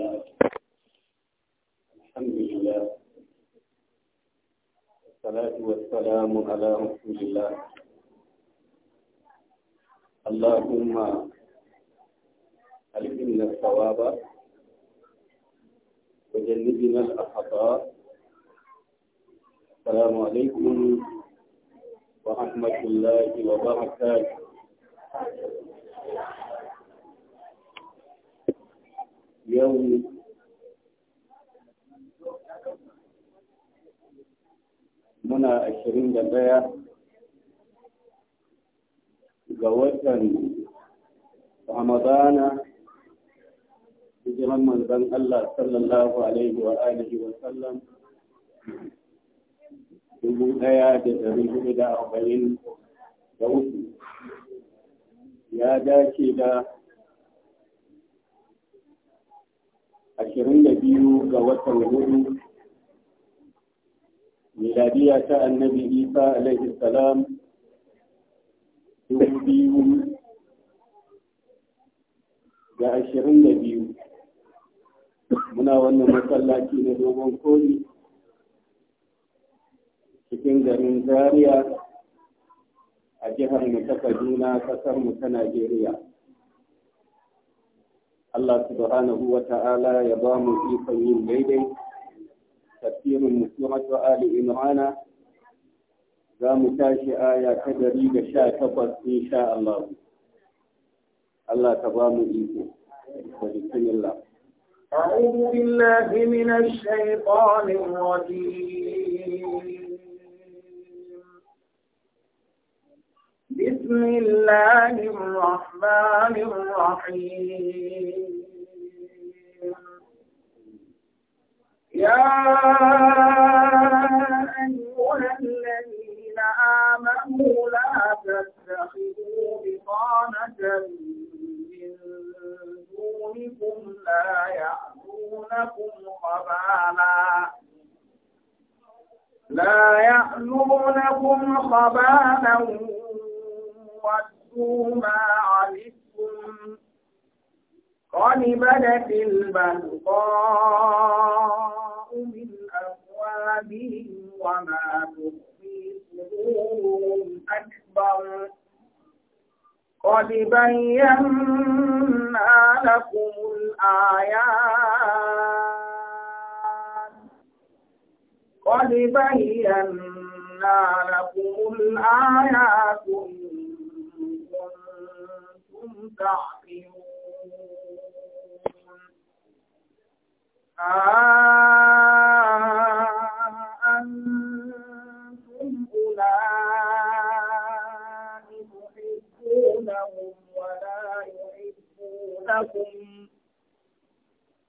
الحمد لله والصلاة والسلام على رسول الله اللهم ألهمنا الصواب وجنبنا الأخطاء السلام عليكم ورحمة الله وبركاته yau muna ashirin da daya ga watan ramadana hijiran manzan Allah sallallahu alaihi wa alihi wa sallam dubu ɗaya da dari hudu da arba'in da uku ya dace da ashirin da biyu ga watan hudu miladiya ta annabi isa alaihi salam dubu biyu ga ashirin da biyu muna wannan masallaci na dogon koli cikin garin zaria a jihar mu ta kaduna kasar mu ta najeriya Allah subhanahu wa ta'ala ya ba mu ikon yin daidai tafsirin musulmatu ali imrana za mu tashi aya ta dari da sha takwas insha Allah Allah ka ba mu iko da bismillah أعوذ بالله من الشيطان الرجيم بسم الله الرحمن الرحيم يا أيها الذين آمنوا لا تتخذوا بطانة من دونكم لا يأتونكم خبالا لا يألونكم خبالا وَدُّوا مَا عَلِمْتُمْ قد بدت البغضاء من أفواههم وما تخفي صدورهم أكبر قد بينا لكم الآيات قد بينا لكم الآيات تعقلون أنتم أولئك تحبونهم ولا يحبونكم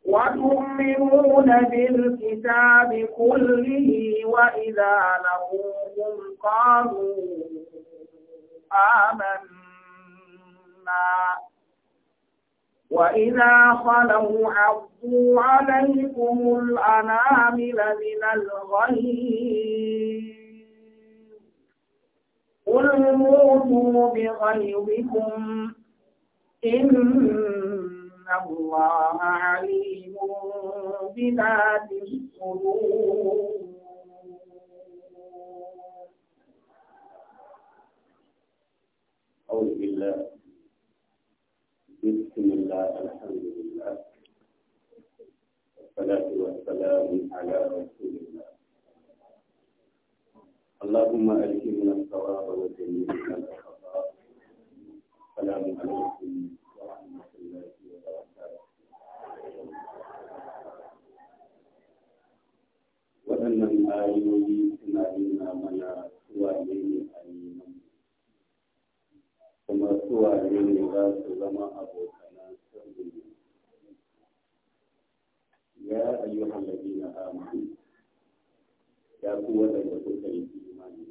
وتؤمنون بالكتاب كله وإذا لقوهم قالوا آمنا عنا وإذا خلوا عضوا عليكم الأنامل من الغيظ قل موتوا بغيظكم إن الله عليم بذات الصدور أعوذ بالله بسم الله الحمد لله والصلاة والسلام على رسول الله اللهم ألهمنا الصواب وجنبنا الخطأ السلام عليكم ورحمة الله وبركاته وأن الآيوي سمعنا منا سوى kuma suwaye ne za su zama abokanan sirri ya ayyuhan ladina amanu ya ku waɗanda suka yi imani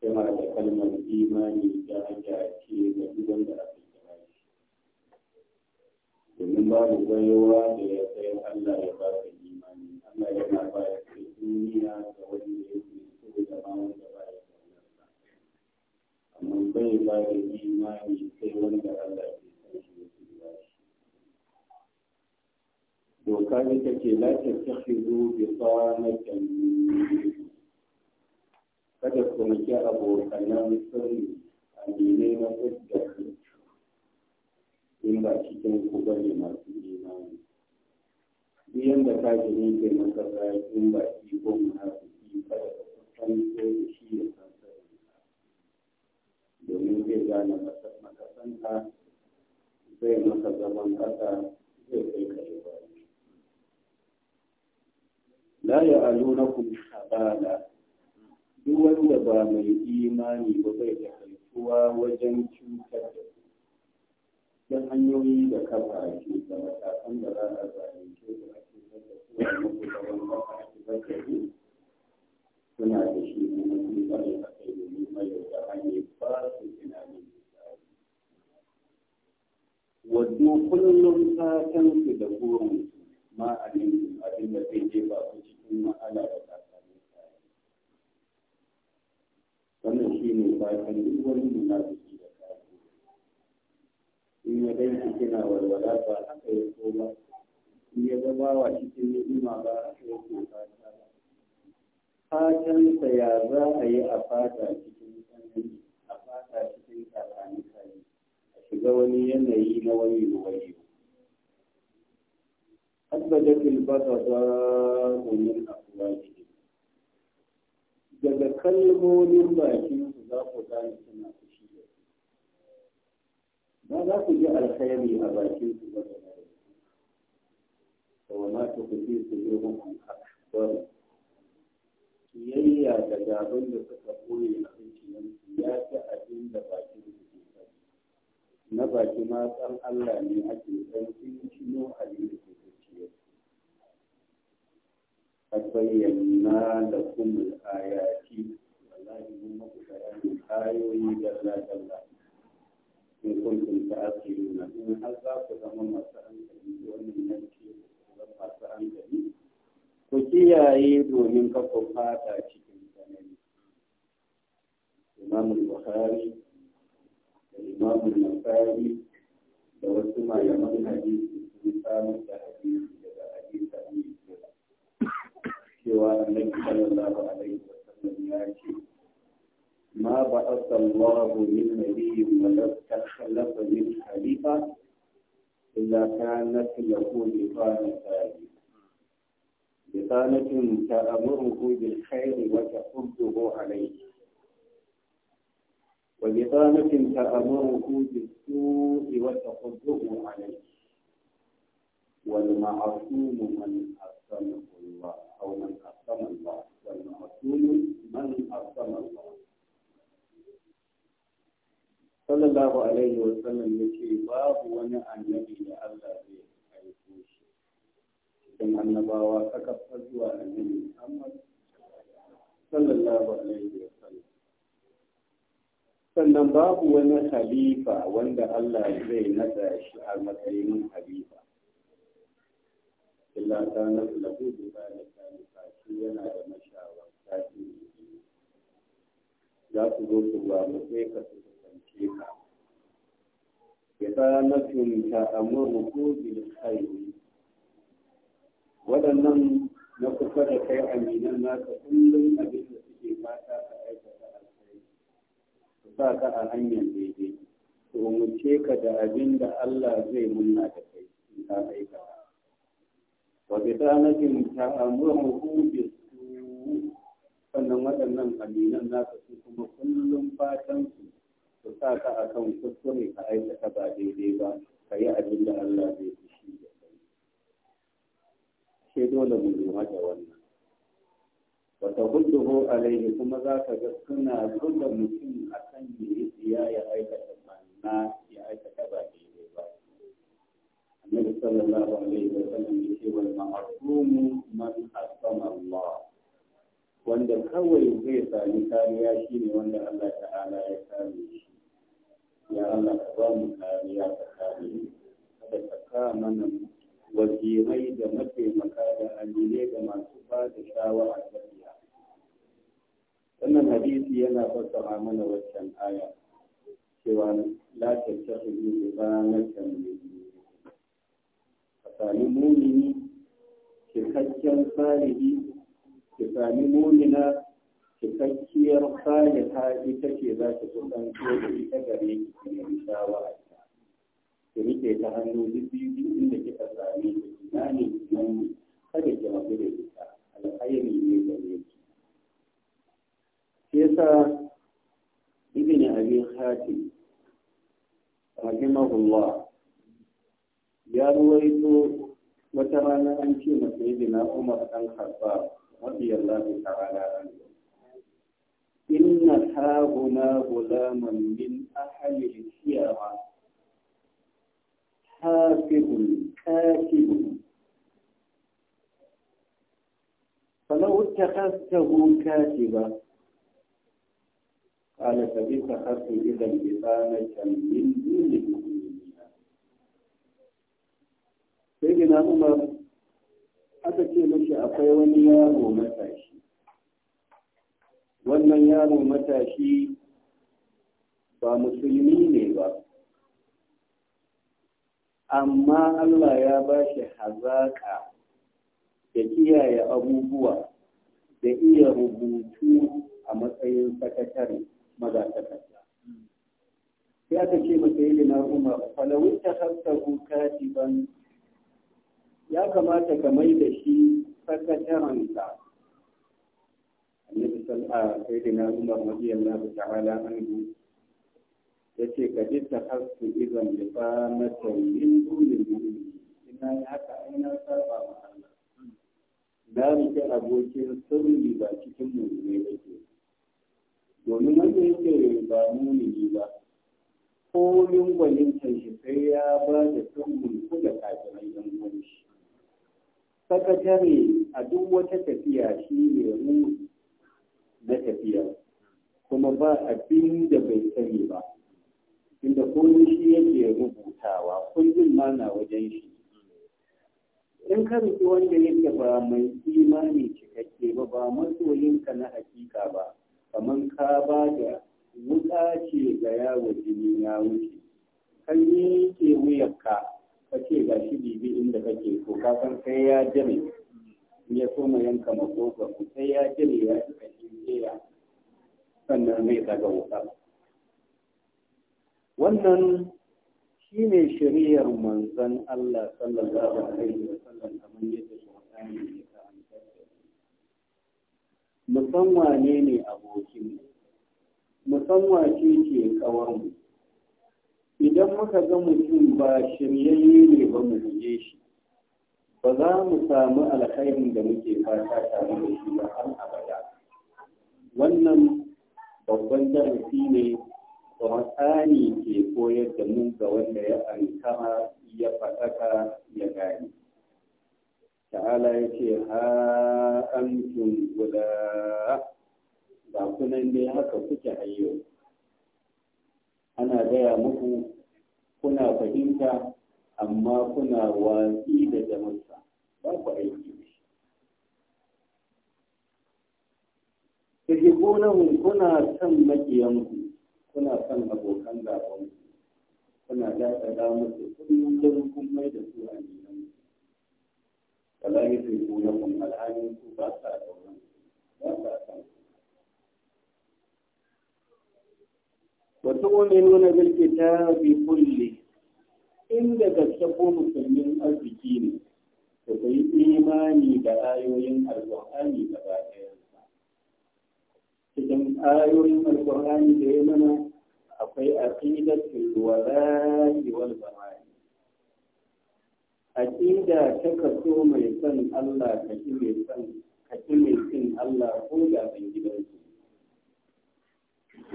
kira da kalmar imani ya jace ga duk wanda aka kira shi domin babu baiwa da ya sai Allah ya ba ka imani Allah yana ba ka duniya ga ya yake so da ba wanda amma bai ba da imani sai wanda Allah ke san shi ya tura shi doka ne take la ta takhidu bi qanatan kada ku miki abokanan sirri amine na fidda in ba cikin ku bane masu imani duk yanda ka ji ne ke maka in ba ki ko mu hafi kada ka kusanto da shi ya domin zai gane makasanta zai maka zaman kasa zai kai ka yi bayan la ya aluna kun duk wanda ba mai imani ba bai da haifuwa wajen cutar da ta hanyoyi da kafa ke da matakan da za a zalunce da ake zata ba muku da wani kafa suna da shi kuma ilimi mai da hanyar ba su kullum da burin ma abin abin da zai je ba su cikin ma'ala da tsakanin wannan shi ne fatan duk wani munafiki da kafin in ya ganki kina walwala ba haka ya so in ya zama wa cikin ni'ima ba haka ya so fatansa ya za a yi a fata cikin tsanani a fata cikin tsakanin kai a shiga wani yanayi na wani wayo asbajatul yin min afwaji daga kalmomin bakin su za ku gane suna fushi da su ba za ku ji alkhairi a bakin su ba da ba wa ma ta kuɗi su yi hukun haka. biyayya da gaban da suka koye a cikin ya ta abin da baki ne na baki ma san Allah ne ake san shi shi no alimi ke cewa akwai da kuma ayati wallahi mun muku bayani ayoyi da Allah da in kun kun ta asiri na in za ku zama masu an da wannan yanki zama masu an ku kiyaye domin kafa fata cikin tsanani imam bukhari da imam nasari da wasu malaman hadisi sun samu da hadisi daga hadisa ne cewa annabi sallallahu alaihi wasallam ya ce ما بعث الله من نبي ولا استخلف من خليفه الا كانت له بطانه ثالثه بطانة تأمره بالخير وتحبه عليه وبطانة تأمره بالسوء وتحبه عليه والمعصوم من أصمه الله أو من أصم الله والمعصوم من أصم الله صلى الله عليه وسلم يقول باب وانا النبي الله cikin annabawa ta kafa zuwa annabi Muhammad sallallahu alaihi wa sallam sannan babu wani halifa wanda Allah zai nada shi a matsayin halifa illa ta nasu lahu da zalika nifasi yana da mashawarta za ku zo su ba mu sai ka su kasance ka bi zalatin ta amuru bil khairi waɗannan na kusa da kai a minan nasa kullum abinda da suke fata ka aikata alkhairi su sa ka a hanyar daidai to mu ce ka da abin da Allah zai munna da kai in ka aikata wa bi sanatin ta'amuruhu bi sannan waɗannan aminan nasa su kuma kullum fatan su su sa ka akan kuskure ka aikata ba daidai ba ka yi abin da Allah zai sai dole mu lura da wannan wata hudu alaihi kuma za ka ga suna zuga mutum a kan yi ya ya aikata manna ya aikata ba yi ba annabi sallallahu alaihi wa sallam ya ce wal ma'asumu man asama Allah wanda kawai zai sami kariya shine wanda Allah ta'ala ya kare shi ya Allah ka ba mu kariya ta kare kada ka kama mana wazirai da mataimaka da amine da masu ba da shawara tafiya wannan hadisi yana fassara mana waccan aya cewa la ta bibanatan min ka sami mumini cikakken salihi ki sami mumina cikakkiyar ta ita ce za ta ko da ita gare ki ne shawara ki rike ta hannu duk biyu da kika same ta ina ne nan ne kada ki rabu da ita alkhairi ne da ne shi yasa ibn abi hatim rahimahullah ya ruwaito wata rana an ce masa yadda umar dan harba radiyallahu da anhu inna ha gulaman min ahli siyama kafirun kafirun فلو اتخذته كاتبا قال فبئس خلق اذا بطانه من دون سيدنا عمر aka ce mashi akwai wani yaro matashi wannan yaro matashi ba musulmi ne ba amma Allah ya ba shi hazaƙa da kiyaye abubuwa da iya rubutu a matsayin sakatare mazatakata. Sai aka ce mata yi na Umar, falawin ta hasabu ban ya kamata ka mai da shi sakatarenka. Annabi sal'a sai da na Umar radiyallahu ta'ala anhu yace ka ji ta hasu idan da ba na tauyin dunin ne ina yi haka ina saba ma Allah na rike abokin sirri ba cikin ne yake domin wanda yake ba mu ne ba ko yin lingwalin shi sai ya ba da sirrin ku da kafirai yan wani sakatare a duk wata tafiya shi ne mu na tafiya kuma ba abin da bai sani ba inda komai shi yake rubutawa kullum ma na wajen shi in ka rufe wanda yake ba mai imani cikakke ba ba masoyinka na hakika ba kamar ka ba da wuka ce ga yawo jini ya wuce kan yi ke wuyarka ka ce ga shi bibi inda kake ko ka san sai ya jame ya yanka ma yanka ku sai ya jame ya cika shi sannan mai daga wuka wannan shi ne shari'ar manzan Allah sallallahu alaihi wasallam kamar yadda Qur'ani ya karanta da mu san ne abokin mu san ke kawar idan muka ga mutum ba shiryayye ne ba mu guje shi ba za mu samu alkhairin da muke fata tare da shi ba har abada wannan babban darasi ne Ƙur'ani ke koyar da mu ga wanda ya alkama ya faɗaka ya gani. Ta'ala ya ce, Ha amtum guda ba kunan ne haka kuke hayo. Ana gaya muku kuna fahimta amma kuna watsi da jamusa ba ku aiki da shi. kuna son makiyanku kuna son abokan gaban kuna daɗaɗa musu kullum kun mai da su a nilan wala yi zai kuna kun alhalin su ba sa ɗauran ba sa son wata wani nuna bilki ta bi kulli inda gaske ko musulmin arziki ne da kai imani da ayoyin alƙur'ani gaba ɗaya cikin ayoyin alkur'ani da ya mana akwai aqidatul wala'i wal bara'i aqida ta kaso mai son Allah ka ki mai son ka ki mai son Allah ko da ban gidansu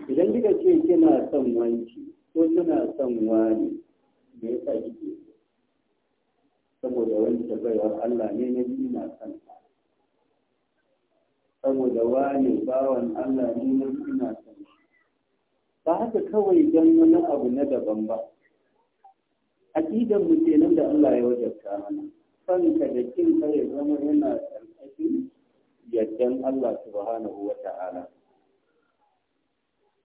idan kika ce kina son wanki ko kina son wani me yasa kike saboda wani tabbayar Allah ne na biyu na son ka saboda wani bawan Allah ne na suna shi ba haka kawai dan wani abu na daban ba aqidan mu kenan da Allah ya wajabta mana son ka da kin kare zama yana karkashin yaddan Allah subhanahu wa ta'ala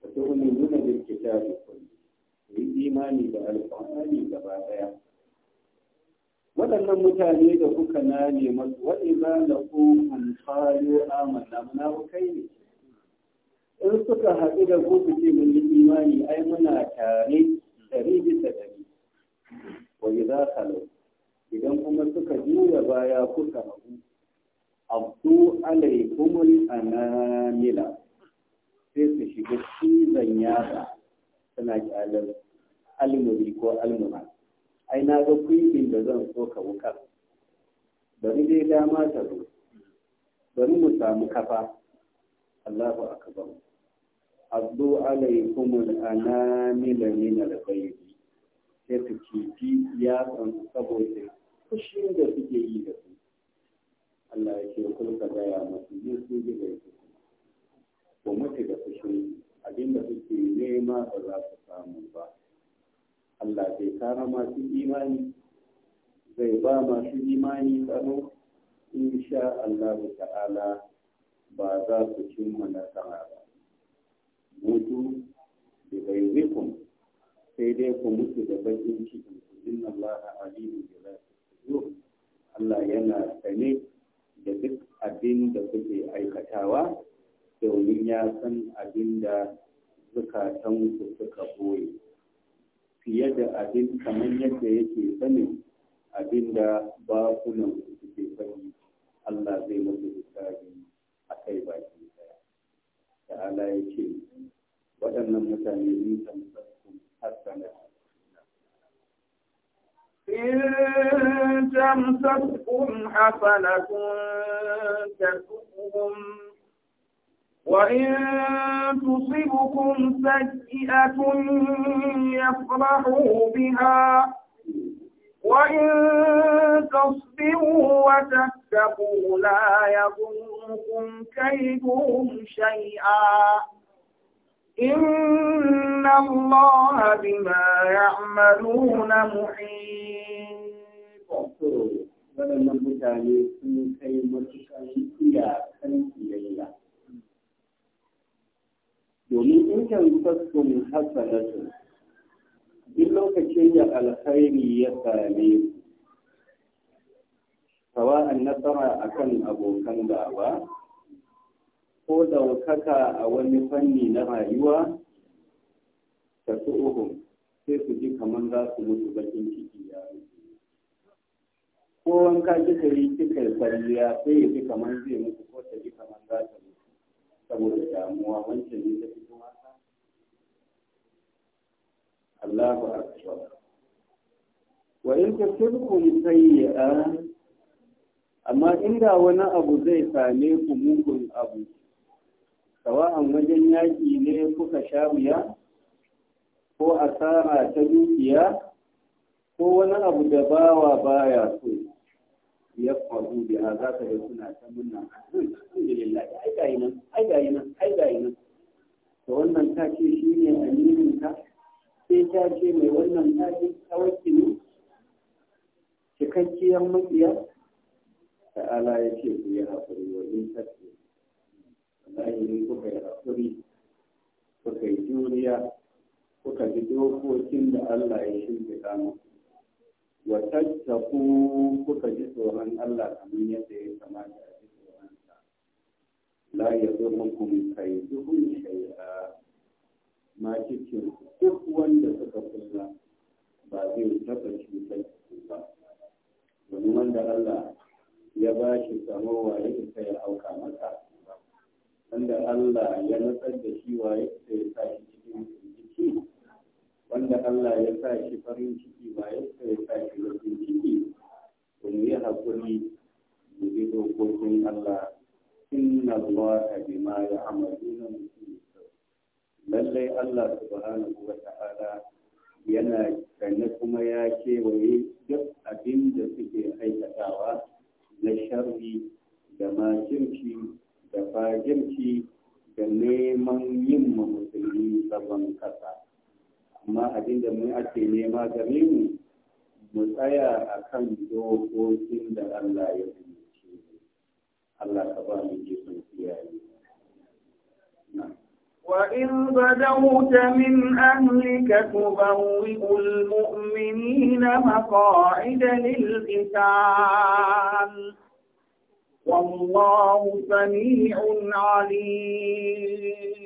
wa tu'minuna bil kitabi yi imani da alƙawari gaba daya waɗannan mutane da kuka nane masu waɗi za da kun falo amanna ne in suka haɗu da ku ce mun yi imani ai muna tare dari bisa ɗari wa ka lau? idan kuma suka juya baya kuka hagu abdu alaikumul anamila sai su shiga cizon yatsa suna kyalar almuri ko almuna ai na ga kwibin da zan so ka wukar bari dai dama ta zo bari mu samu kafa Allahu akbar abdu alaikumul anamila min al-ghayb sai ku kifi ya san saboda fushin da suke yi da su Allah ya ce kun ka gaya masu yin su ji da su ko mutu da fushin abinda suke nema ba za su samu ba Allah zai kara masu imani zai ba masu imani tsaro insha Allah ta'ala ba za su cimma nasara ba mutu da gairikun sai dai ku mutu da bakin ciki in Allah alimu su zati Allah yana sane da duk abin da kuke aikatawa domin ya san abin da zukatanku suka boye. fiye da abin kamar yadda yake sanin abin da bakunan suke sani Allah zai musu hisabi a kai baki daya da ala ya ce waɗannan mutane ni tamsassun hasana إن تمسكهم حسنة تسؤهم وإن تصبكم سيئة يفرحوا بها وإن تصبروا وتتقوا لا يضركم كيدهم شيئا إن الله بما يعملون محيط. waɗannan mutane sun kai matuƙan iya san domin in tankaskum hasanatu duk lokacin da alkhairi ya same ku sawa'an nasara akan abokan gawa. ko ɗaukaka a wani fanni na rayuwa ta su'uhum sai su ji kamar za su mutu bakin ciki ya ko wanka kika yi kika yi sai ya ji kamar zai mutu ko ta ji kamar za ta mutu saboda damuwa wancan ne ta fito mata Allahu akbar wa in tusibkum sayyi'an amma inda wani abu zai same ku mugun abu sawa'an wajen yaƙi ne kuka sha wuya ko asara ta dukiya ko wani abu da bawa baya so yafqahu biha za ka da suna ta munna alhamdulillah ai gayi nan ai gayi nan ai gayi nan to wannan ta ce shine aminin ka sai ta ce mai wannan ta ce tawakkili cikakkiyar makiya ta'ala ya ce ku yi haƙuri wa in tafi wallahi in kuka yi haƙuri kuka yi juriya kuka ji dokokin da Allah ya shimfiɗa muku wa tattaku kuka ji tsoron Allah kamar yadda ya kamata a ji tsoron sa la kai, duhun shay'a ma cikin duk wanda suka kula ba zai taɓa cutar ba domin wanda Allah ya ba shi samowa ya isa ya auka masa wanda Allah ya nutsar da shi wa ya isa ya sa shi cikin jiki wanda Allah ya sa shi farin ciki ba ya ya sa shi bakin ciki to mu yi hakuri mu bi dokokin Allah inna Allah bima ya'maluna mutum lallai Allah subhanahu wa ta'ala yana sanye kuma ya kewaye duk abin da suke aikatawa na sharri da makirci da fajirci da neman yin musulmi zaban kasa amma abinda da mun ake nema game mu mu tsaya akan dokokin da Allah ya umarce Allah ka ba mu jikin kiyaye وإن بدوت من أهلك تبوئ المؤمنين مقاعد للقتال والله سميع عليم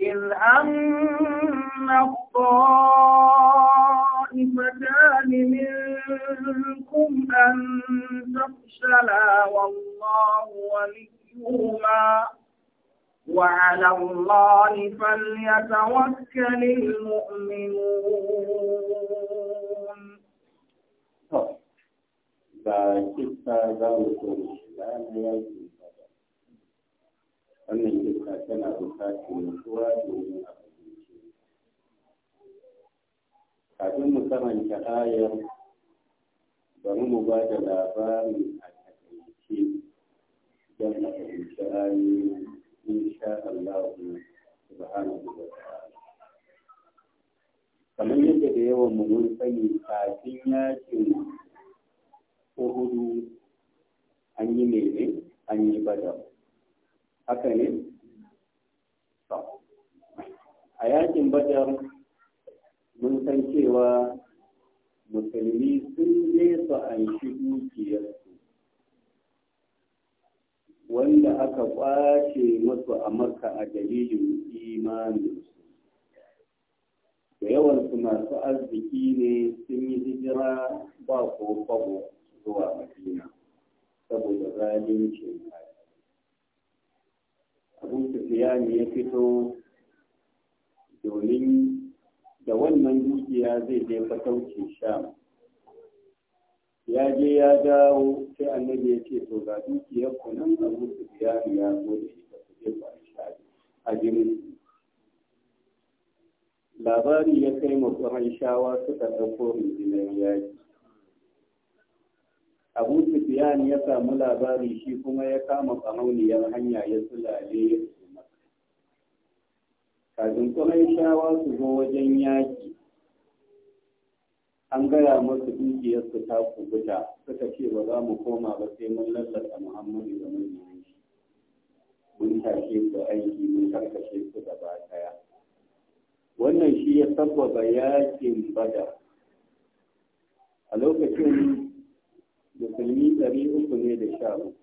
إذ أم الطائفتان منكم أن تفشلا والله وليهما وعلى الله فليتوكل المؤمنون da kisa za mu kuma shi da ya yi wannan kisa tana bukatar nutsuwa domin a fahimce kafin mu karanta ayar bari mu ba da labarin a takaice don a fahimci ayoyin insha Allah subhanahu wa ta'ala kamar yadda da yawan mu mun sani kafin yakin uhudu an yi mene an yi badar haka ne a yakin badar mun san cewa musulmi sun nesa su an shi dukiyarsu wanda aka kwace masu a maka a dalilin imaninsu da yawansu masu arziki ne sun yi hijira ba ko kwabo zuwa madina saboda zalincin kai abu sufiyani ya fito domin da wannan dukiya zai je fatauci sham ya je ya dawo sai annabi ya ce to ga dukiyar ku nan abu sufiyani ya zo da shi ku je ba a jini labari ya kai ma shawa suka ɗauko rundunar yaki abu sufiyan ya samu labari shi kuma ya kama kamauniyar hanya ya sulale kafin shawa su zo wajen yaƙi an gaya musu su ta kubuta suka ce ba za mu koma ba sai mun lallata muhammadu da mun mun tashe su aiki mun karkashe su gaba ɗaya. wannan shi ya sabbaba yakin bada a lokacin musulmi ɗari uku ne da sha uku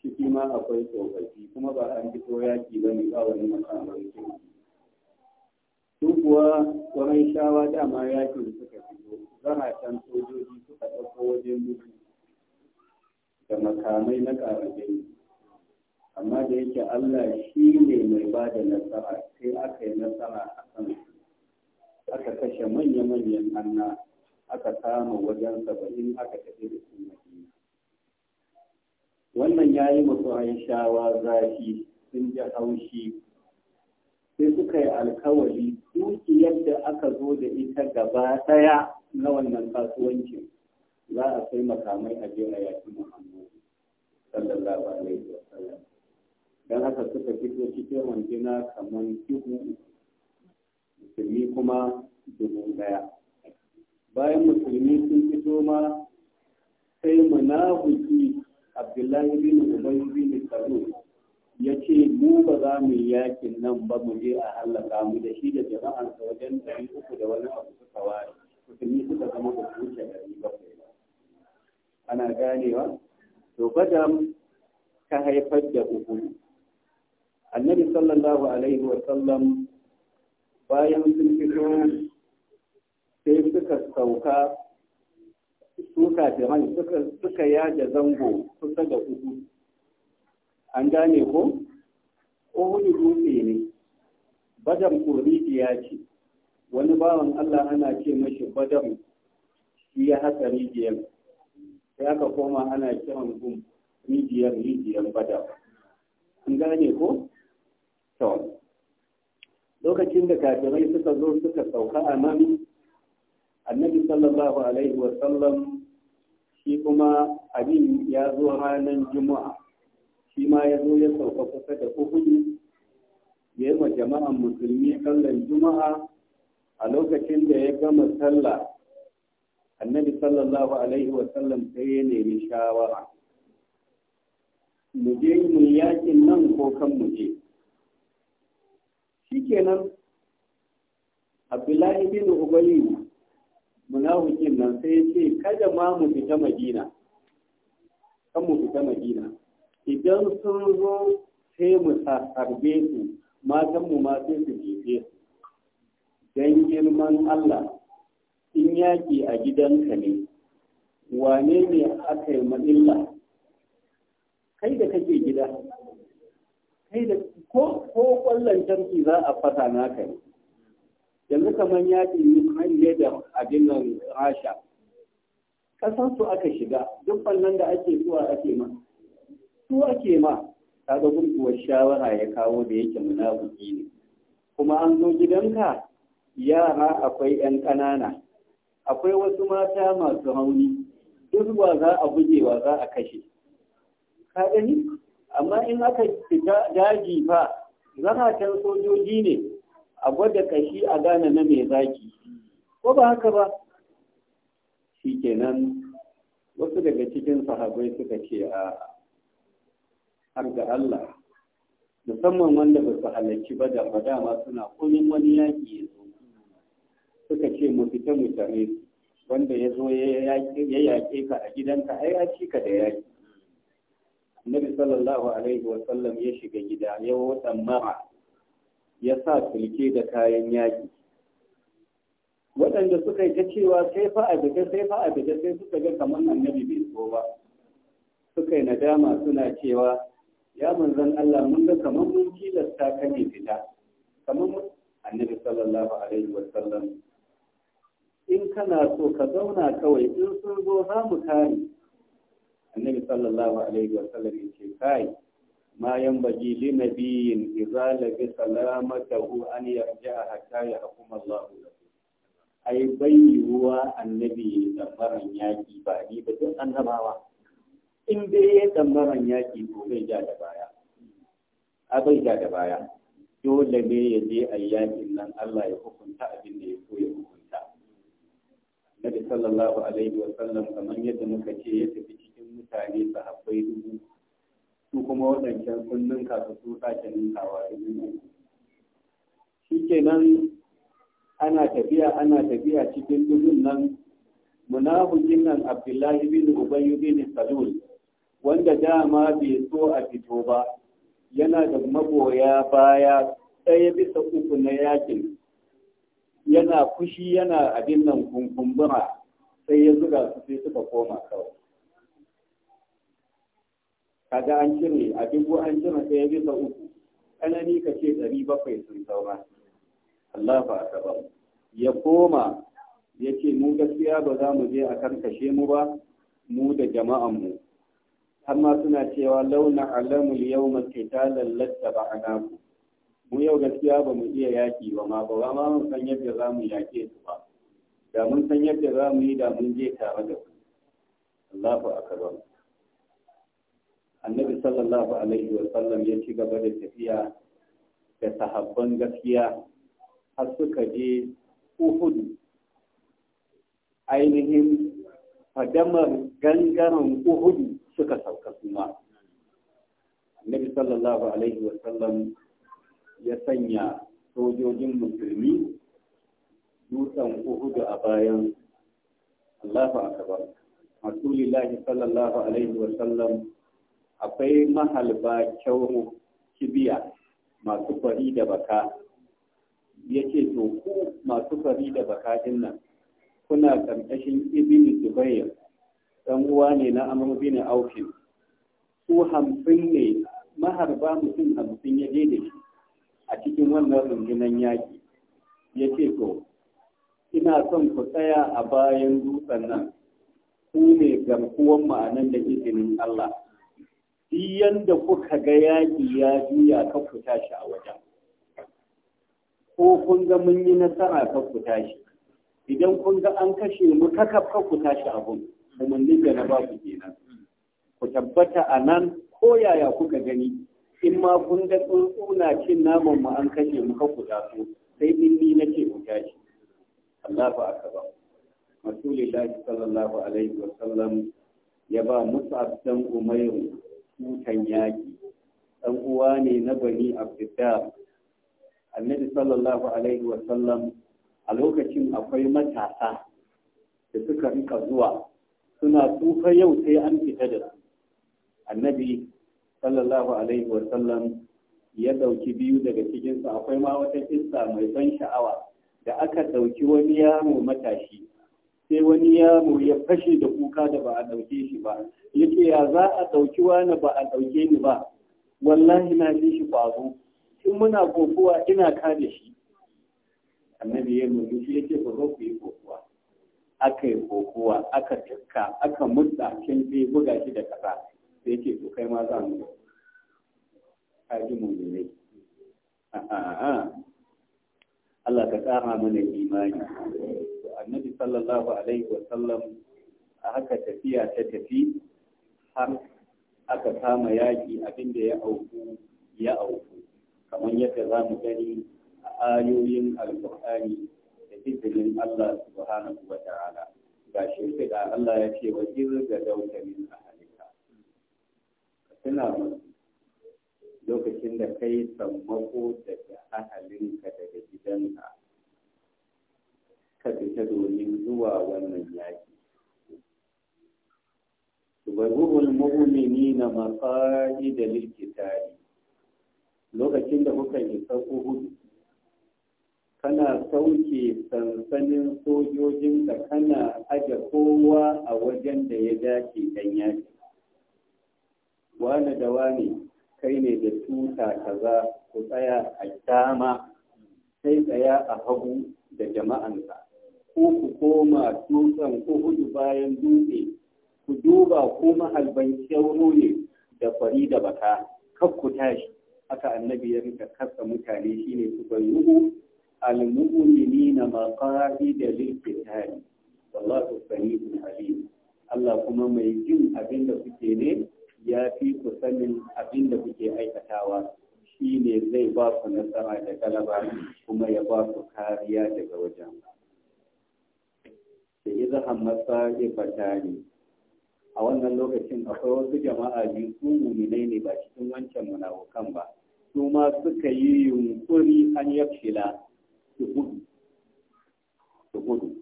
ciki ma akwai tsofaffi kuma ba an fito yaki ba ne ba wani makamai su kuwa wurin shawa dama yakin suka fito can sojoji suka ɗauko wajen mutu da makamai na ƙarfin amma da yake Allah shi ne mai ba da nasara sai aka yi nasara a kan aka kashe manya-manyan annabi aka kama wajen saba'in aka tafi da su madina wannan ya yi masu aishawa zafi sun ji haushi sai suka yi alkawari duki yadda aka zo da ita gaba daya na wannan kasuwancin za a sai makamai a je a yakin muhammadu sallallahu alaihi wa sallam don haka suka fito cikin wandina kamar dubu musulmi kuma dubu daya bayan musulmi sun fito ma sai munafiki abdullahi bin ubayi bin karu ya ce mu ba za mu yi yakin nan ba mu je a hallaka mu da shi da sa wajen ɗari uku da wani abu suka ware musulmi suka zama ba su wuce ɗari bakwai ba ana ganewa to badam ta haifar da uku annabi sallallahu alaihi wa sallam bayan sun fito sai suka sauka su kafiran suka yaja zango kusa da uku an gane ko wani dutse ne badar ya ce wani bawan allah ana ce mashi badar shi ya haka rijiyar sai aka koma ana kiran gum rijiyar rijiyar badar an gane ko to lokacin da kafirai suka zo suka sauka a nan annabi sallallahu alaihi wa sallam shi kuma abin ya zo ranar juma'a shi ma ya zo ya sauka kusa da uhudi ya yi jama'an musulmi sallar juma'a a lokacin da ya gama sallah annabi sallallahu alaihi wa sallam sai ya nemi shawara mu je mu yakin nan ko kan mu je shikenan abdullahi bin ubayi munawikin nan sai ya ce kada ma mu fita madina kan mu fita madina idan sun zo sai mu harbe su matan mu ma sai su jefe su dan girman Allah in yaki a gidanka ne wane ne aka yi madilla kai da kake gida kai da ko kwallon tarki za a fata naka ne yanzu kamar yaƙin Ukraine da abin nan Rasha kasan su aka shiga duk wannan da ake zuwa ake ma su ake ma Ta ga gurguwar shawara ya kawo da yake munafiki ne kuma an zo gidanka yara akwai yan ƙanana akwai wasu mata masu rauni duk wa za a wa, za a kashe ka amma in aka fita daji fa can sojoji ne a gwada kashi a gane na mai zaki ko ba haka ba shi kenan wasu daga cikin sahabai suka ce a har ga Allah musamman wanda ba su halarci ba da madama suna komin wani yaƙi ya zo suka ce mu fita mu tare wanda ya zo ya yaƙe ka a gidanka ai ya ci ka da yaƙi Nabi sallallahu alaihi wa sallam ya shiga gida ya wata mara ya sa sulke da kayan yaƙi waɗanda suka yi ta cewa sai fa a bita sai fa a bita sai suka ga kamar annabi bai so ba suka yi nadama suna cewa ya manzan Allah mun ga kamar mun tilasta ka ne fita kamar annabi sallallahu alaihi wa sallam in kana so ka zauna kawai in sun zo za mu kare annabi sallallahu alaihi wa sallam ya ce kai ما ينبغي لنبي إذا لقي سلامته أن يرجع حتى يحكم الله له ai bai annabi ya tsammaran ba ni ba duk annabawa in dai ya tsammaran yaƙi ko bai ja da baya a bai ja da baya dole ne ya je a yaƙin nan Allah ya hukunta abin da ya so ya hukunta Nabi sallallahu alaihi wa sallam kamar yadda muka ce ya tafi cikin mutane sahabbai dubu su kuma waɗancan kundin kasu su a sake ninkawa shi ke nan ana tafiya ana tafiya cikin dubin nan munafikin nan abdullahi bin ubayyu bin salul wanda dama bai so a fito ba yana da magoya baya ɗaya bisa uku na yakin yana fushi yana abin nan kunkumbura sai ya zuga su sai suka koma kawai kaga an cire a dubu an cire ɗaya bisa uku tsanani ka ce ɗari bakwai sun saura Allah ba akaba ya koma ya ce mu gaskiya ba za mu je a karkashe mu ba mu da jama'an mu Har ma suna cewa launa alamu yau mace ta lallata ba a mu yau gaskiya ba mu iya yaki ba ma ba ma mun san yadda za mu yaƙe su ba da mun san yadda za mu yi da mun je tare da su Allahu akbar annabi sallallahu alaihi wa sallam ya ci gaba da tafiya da sahabban gaskiya har suka je uhud ainihin fadamar gangaren uhud suka sauka suma annabi sallallahu alaihi wa sallam ya sanya sojojin musulmi dutsen uhud a bayan Allahu akbar Rasulillahi sallallahu alaihi wa sallam akwai mahalba kyauro kibiya masu fari da baka ya ce to ku masu fari da baka nan kuna karkashin ibn zubair dan uwa ne na amr bin aufin su hamsin ne maharba mutum hamsin ya je da shi a cikin wannan rundunar yaƙi ya ce to ina son ku tsaya a bayan dutsen nan ku ne garkuwan ma'anan da izinin Allah da kuka ga yaƙi ya juya ka fita shi a waje. ko kun ga mun yi nasara ka fita shi idan kun ga an kashe mu kakaf ka fita shi abun umarnin da na ba ku kenan ku tabbata a nan ko yaya kuka gani in ma kun ga tsuntsuna cin naman mu an kashe mu ka fita su sai in ni na ce ku tashi Allahu akbar Rasulullahi sallallahu alaihi wa sallam ya ba Mus'ab dan Umayr tutan yaƙi ɗan uwa ne na bani abdullah annabi sallallahu alaihi wa a lokacin akwai matasa da suka rika zuwa suna tsufa yau sai an fita da su annabi sallallahu alaihi wa ya ɗauki biyu daga cikinsu akwai ma wata iska mai ban sha'awa da aka ɗauki wani yaro matashi sai wani yaro ya fashe da kuka da ba a ɗauke shi ba yake ya za a ɗauki wani ba a ɗauke ni ba wallahi na ji shi ƙwazo in muna kokowa ina ka da shi annabi ya nuna shi yake ba zo ku yi kokowa aka yi kokowa aka tukka aka mutsa can sai buga shi da kasa sai yake to kai ma za mu ka ji mu ne a'a Allah ka ƙara mana imani annabi sallallahu alaihi wasallam a haka tafiya ta tafi har aka kama yaƙi abinda ya auku ya auku kamar yadda za mu gani a ayoyin alƙur'ani da izinin Allah subhanahu wa ta'ala ga da Allah ya ce wa irga dauta a halitta suna lokacin da ka kai sammako daga ahalinka daga gidanka ka fita domin zuwa wannan yaki tubarru'ul na maqaida da likitari lokacin da kuka isa Uhud kana sauke sansanin sojojin da kana aje kowa a wajen da ya dace dan yaki Wane da wane kai ne da tuta kaza ku tsaya a dama sai tsaya a hagu da jama'ansa ko ku koma tutan ko hudu bayan dutse ku duba ko mahalban kyauro ne da fari da baka kar ku tashi haka annabi ya rika kasa mutane shine su bayyuhu al-mu'minina da lil-qitali wallahu sami'un alim Allah kuma mai jin abin da kuke ne ya fi ku sanin abin da kuke aikatawa shi ne zai ba ku nasara da galaba kuma ya ba ku kariya daga wajen da iza hamasa ne. a wannan lokacin akwai wasu jama'a biyu su muminai ne ba cikin wancan munafukan ba su ma suka yi yunkuri an yafshila su gudu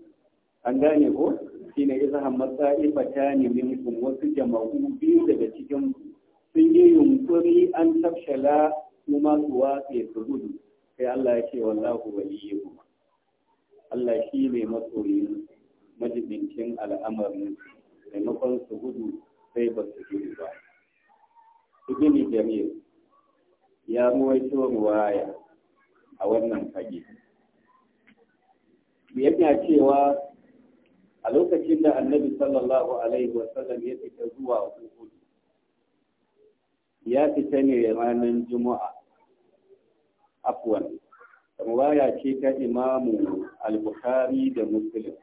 an gane ko shine iza hammat sa'ifatani minkum wasu jama'u biyu daga cikin sun yi yunkuri an tafshala kuma su watse su gudu sai Allah ya ce wallahu kuma. Allah shi ne masoyi majibincin al'amarin maimakon su gudu sai ba su gudu ba ibn jarir ya ruwaito ruwaya a wannan fage yana cewa a lokacin da annabi sallallahu alaihi wasallam ya fita zuwa uhud ya fita ne ranar juma'a afwan riwaya ce ta imamu al-bukhari da muslim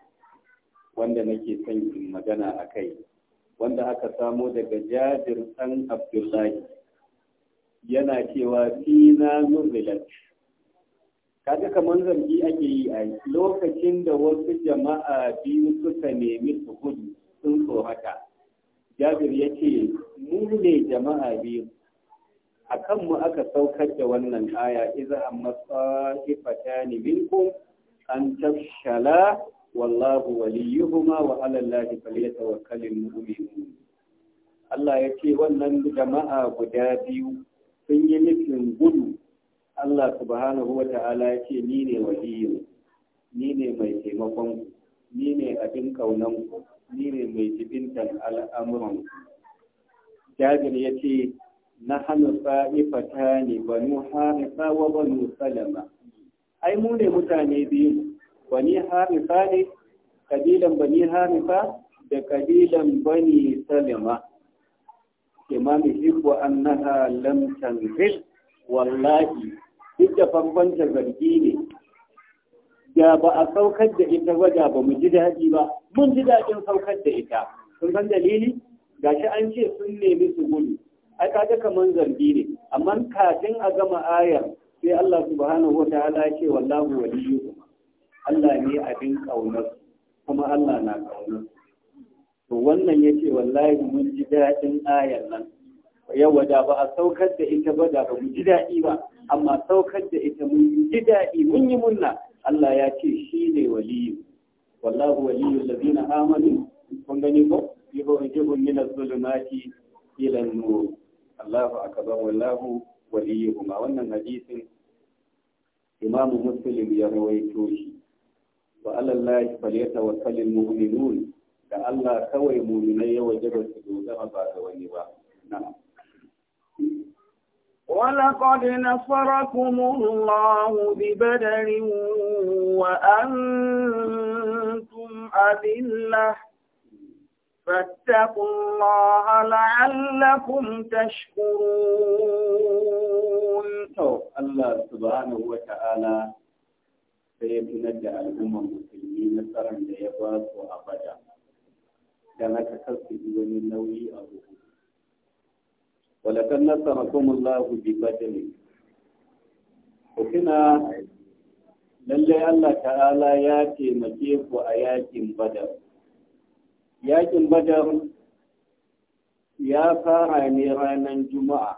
wanda nake son yin magana a kai wanda aka samo daga jabir ɗan abdullahi yana cewa fi na kaga kaman zargi ake yi a lokacin da wasu jama'a biyu suka nemi su gudu sun haka jabir ya ce mu ne jama'a biyu a kanmu aka saukar da wannan aya iza amma tsakifata ne minkum an tafshala wallahu waliyuhuma wa alallahi falyatawakkalul mu'minun Allah ya ce wannan jama'a guda biyu sun yi nufin gudu Allah subhanahu wa ta'ala ya ce ni ne waliyu ni ne mai taimakon ku, ni ne abin kaunan ni ne mai jibintan al'amuran jabir ya ce na hannu sa'ifata ne mu harisa wa mu salama ai mu ne mutane biyu ba ni harisa ne kabilan ni harisa da kabilan bani salama imam an naha lam tanzil wallahi duk da bambancin zargi ne da ba a saukar da ita ba da ba mu ji daɗi ba mun ji daɗin saukar da ita sun san dalili Ga shi an ce sun nemi su gudu ai kaga kaman zargi ne amma kafin a gama ayar sai Allah subhanahu wa ta'ala ya ce wallahu waliyyu Allah ne abin kaunar kuma Allah na kaunar to wannan yace wallahi mun ji daɗin ayar nan yawa da ba a saukar da ita ba da ba mu ji daɗi ba amma saukar da ita mun ji daɗi mun yi munna Allah ya ce shi ne waliyu wallahu waliyu ladina amanu kun gani ko yuhrijuhum min az-zulumati ila an-nur Allahu akbar wallahu ma wannan hadisin Imam Muslim ya rawaito shi wa alallahi Allah falyatawakkalul mu'minun da Allah kawai mu'minai ya wajaba su dogara ba ga wani ba na'am ولقد نصركم الله ببدر وأنتم أذلة فاتقوا الله لعلكم تشكرون الله سبحانه وتعالى سيبنى الأمم المسلمين نصرا ليباس وأبدا كما تكفي ونلوي أبوه ولقد نصركم الله ببدر وكنا lalle Allah ta'ala ya taimake ku a yaƙin badar Yaƙin badar ya fara ne ranar juma'a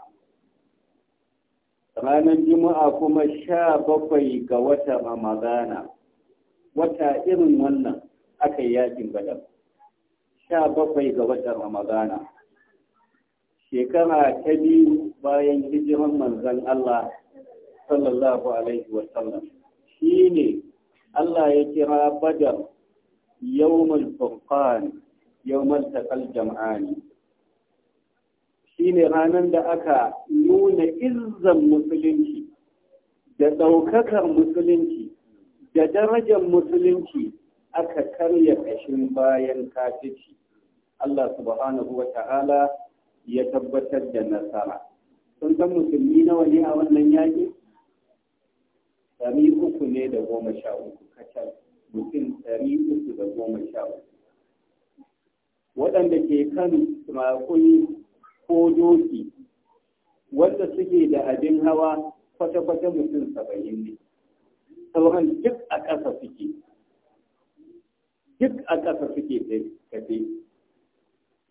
ranar juma'a kuma sha bakwai ga wata ramadana wata irin wannan aka yi badar sha bakwai ga watan ramadana shekara ta biyu bayan hijiran manzan Allah sallallahu alaihi wasallam shi ne Allah ya kira badar yawmal furqan yawmal taqal jam'ani shi ne ranar da aka nuna izzan musulunci da ɗaukakar musulunci da darajar musulunci aka karya ƙashin bayan kafici Allah subhanahu wa ta'ala ya tabbatar da nasara sun san musulmi nawa ne a wannan yaƙi ɗari uku ne da goma sha uku kacal mutum ɗari uku da goma sha uku waɗanda ke kan tumakuni ko doki wanda suke da abin hawa kwata-kwata mutum saba'in ne sauran duk a ƙasa suke duk a ƙasa suke tafi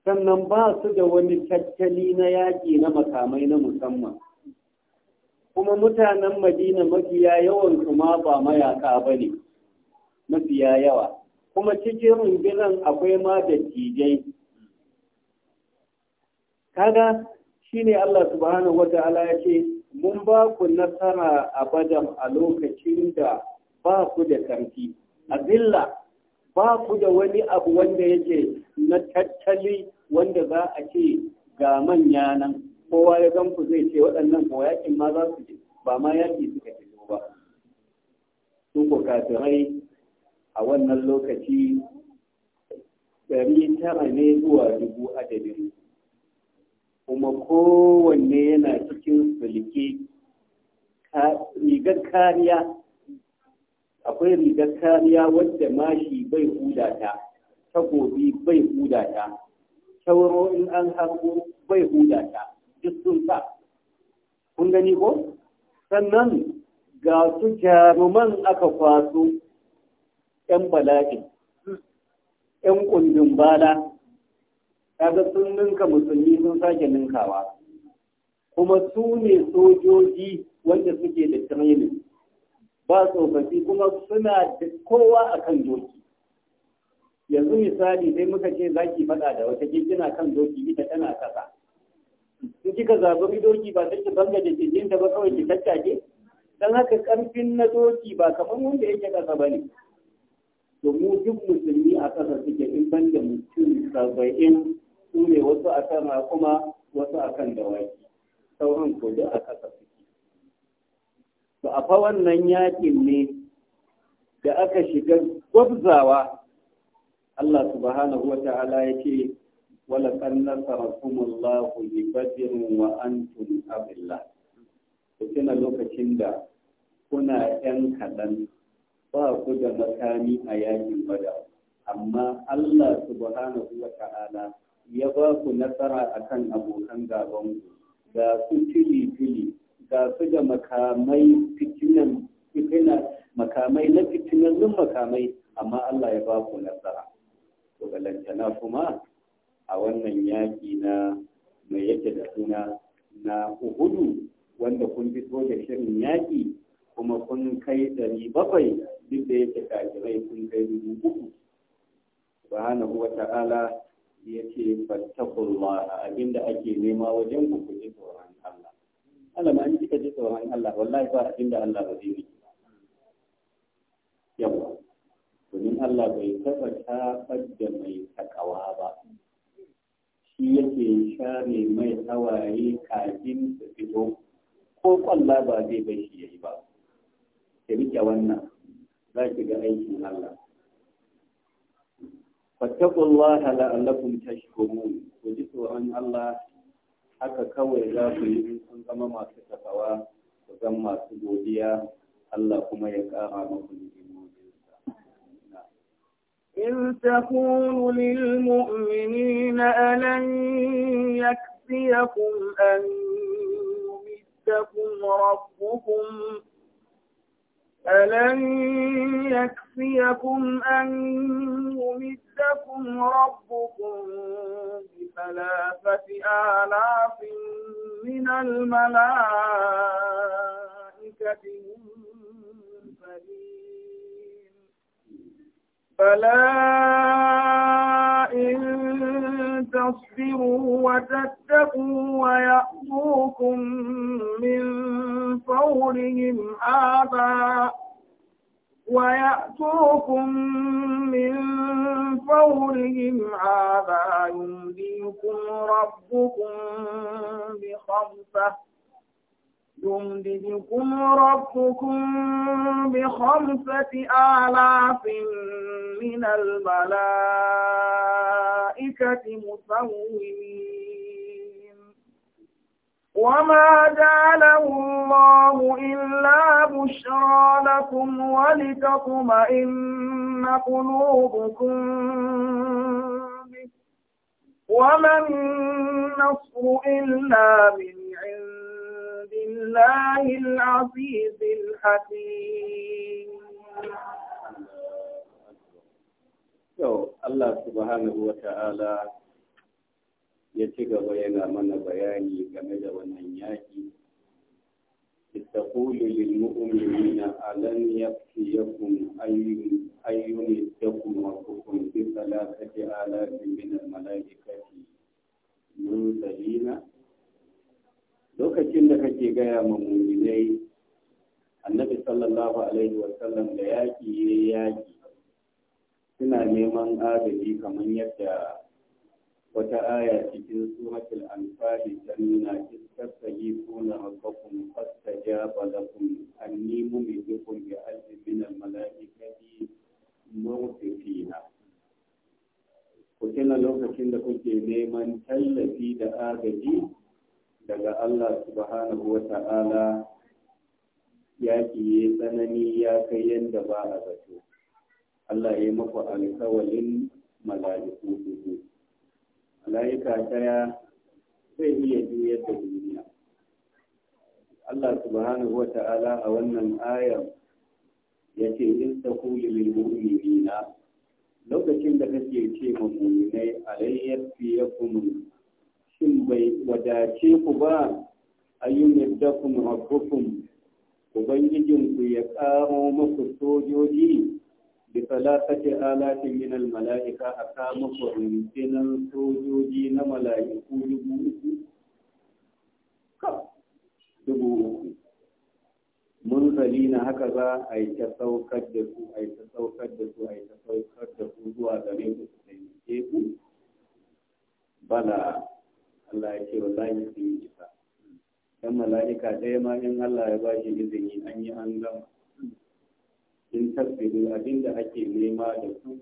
sannan ba su da wani tattali na yaƙi na makamai na musamman kuma mutanen madina mafiya yawan kuma ba mayaka ba ne mafiya yawa kuma cikin rundunan akwai ma da kada kaga ne Allah subhanahu wata'ala ya ce mun ba ku nasara a badam a lokacin da ba ku da karfi a zilla ba ku da wani abu wanda yake na tattali wanda za a ce ga manya nan kowa ya gan ku zai ce waɗannan ko yakin ma za su ba ma yaki suka ce ba su ko kafirai a wannan lokaci ɗari tara ne zuwa dubu adadin kuma kowanne yana cikin sulke rigar kariya akwai rigar kariya wadda mashi bai hudata takobi bai hudata sauro in an harbo bai huda ta duk sun sa kun gani ko sannan ga su jaruman aka kwaso ‘yan bala'i ‘yan kundin bala kaga sun ninka musulmi sun sake ninkawa kuma su ne sojoji wanda suke da training ba tsofaffi kuma suna da kowa a kan doki yanzu misali sai muka ce za ki faɗa da wata kina kan doki ita tana kasa in kika zaɓi doki ba sai ki banga da cikin ba kawai ki tattake dan haka karfin na doki ba kamar wanda yake kasa ba ne to mu duk musulmi a ƙasa suke in ban da mutum saba'in su ne wasu a kan kuma wasu a kan dawaki sauran ko duk a ƙasa suke to a fa wannan yakin ne da aka shiga gwabzawa Allah subhanahu wa ta'ala yake wala kan nasarakumullahu bi badrin wa antum abillah to kina lokacin da kuna yan kadan ba ku da makami a yakin bada amma Allah subhanahu wa ta'ala ya ba ku nasara akan abokan gaban ku ga su tili ga su da makamai fitinan makamai na fitinannun makamai amma Allah ya ba ku nasara to balantana kuma a wannan yaƙi na mai yake da suna na uhudu wanda kun fito da shirin yaƙi kuma kun kai ɗari bakwai duk da yake kajirai kun kai dubu uku subhanahu wa ta'ala ya ce a abin da ake nema wajen ku ji tsoron Allah Allah ma an kika ji tsoron Allah wallahi ba abin da Allah ba zai yi yawa domin Allah bai taɓa tafar da mai takawa ba shi yake share mai hawaye kafin su fito ko kwalla ba zai bai shi yayi ba ki rike wannan za ki ga aikin Allah fattakullaha la'allakum tashkurun ku ji tsoron Allah haka kawai za ku yi sun zama masu takawa ku zama masu godiya Allah kuma ya ƙara muku ni'ima إذ تقول للمؤمنين ألن يكفيكم أن يمدكم ربكم ألن يكفيكم أن يمدكم ربكم بثلاثة آلاف من الملائكة فلا إن تصبروا وتتقوا ويأتوكم من فورهم هذا ويأتوكم من فورهم هذا يمديكم ربكم بخمسة يمددكم ربكم بخمسة آلاف من الملائكة مسومين وما جعله الله إلا بشرى لكم ولتطمئن قلوبكم به وما النصر إلا من الله العزيز الحكيم To, Allah subhanahu wa ta'ala ya ci gaba yana mana bayani game da wannan yaƙi. تقول للمؤمنين ألن يكفيكم أن يمدكم ربكم بثلاثة آلاف من الملائكة منزلين lokacin da kake gaya ma muminai annabi sallallahu alaihi wasallam da yaƙi ya yaƙi suna neman agaji kamar yadda wata aya cikin suratul anfali ta nuna kuna rabbakum fastajaba lakum anni mumitukum bi alfin min al malaikati murtifina ku kina lokacin da kuke neman tallafi da agaji daga Allah subhanahu wa ta'ala ya ya tsanani ya kai yadda ba a zato. Allah ya maku alkawalin mala'iku dubu. Mala'ika ɗaya zai iya juyar da duniya. Allah subhanahu wa ta'ala a wannan ayar ya ce in taku lil mu'minina lokacin da kake ce ma mu'minai fiye kuma in bai wadace ku ba a ayyun yaddakum rabbukum ubangijinku ya karo muku sojoji da salasati alati min al malaika aka muku rinsinan sojoji na mala'iku dubu uku dubu uku zali na haka za a yi ta saukar da su a yi ta saukar da su a yi ta saukar da su zuwa gare ku su taimake ku bala Allah ya ce wallahi sun yi isa dan mala'ika ɗaya ma in Allah ya bashi izini an yi an gama in tasbiru abinda ake nema da su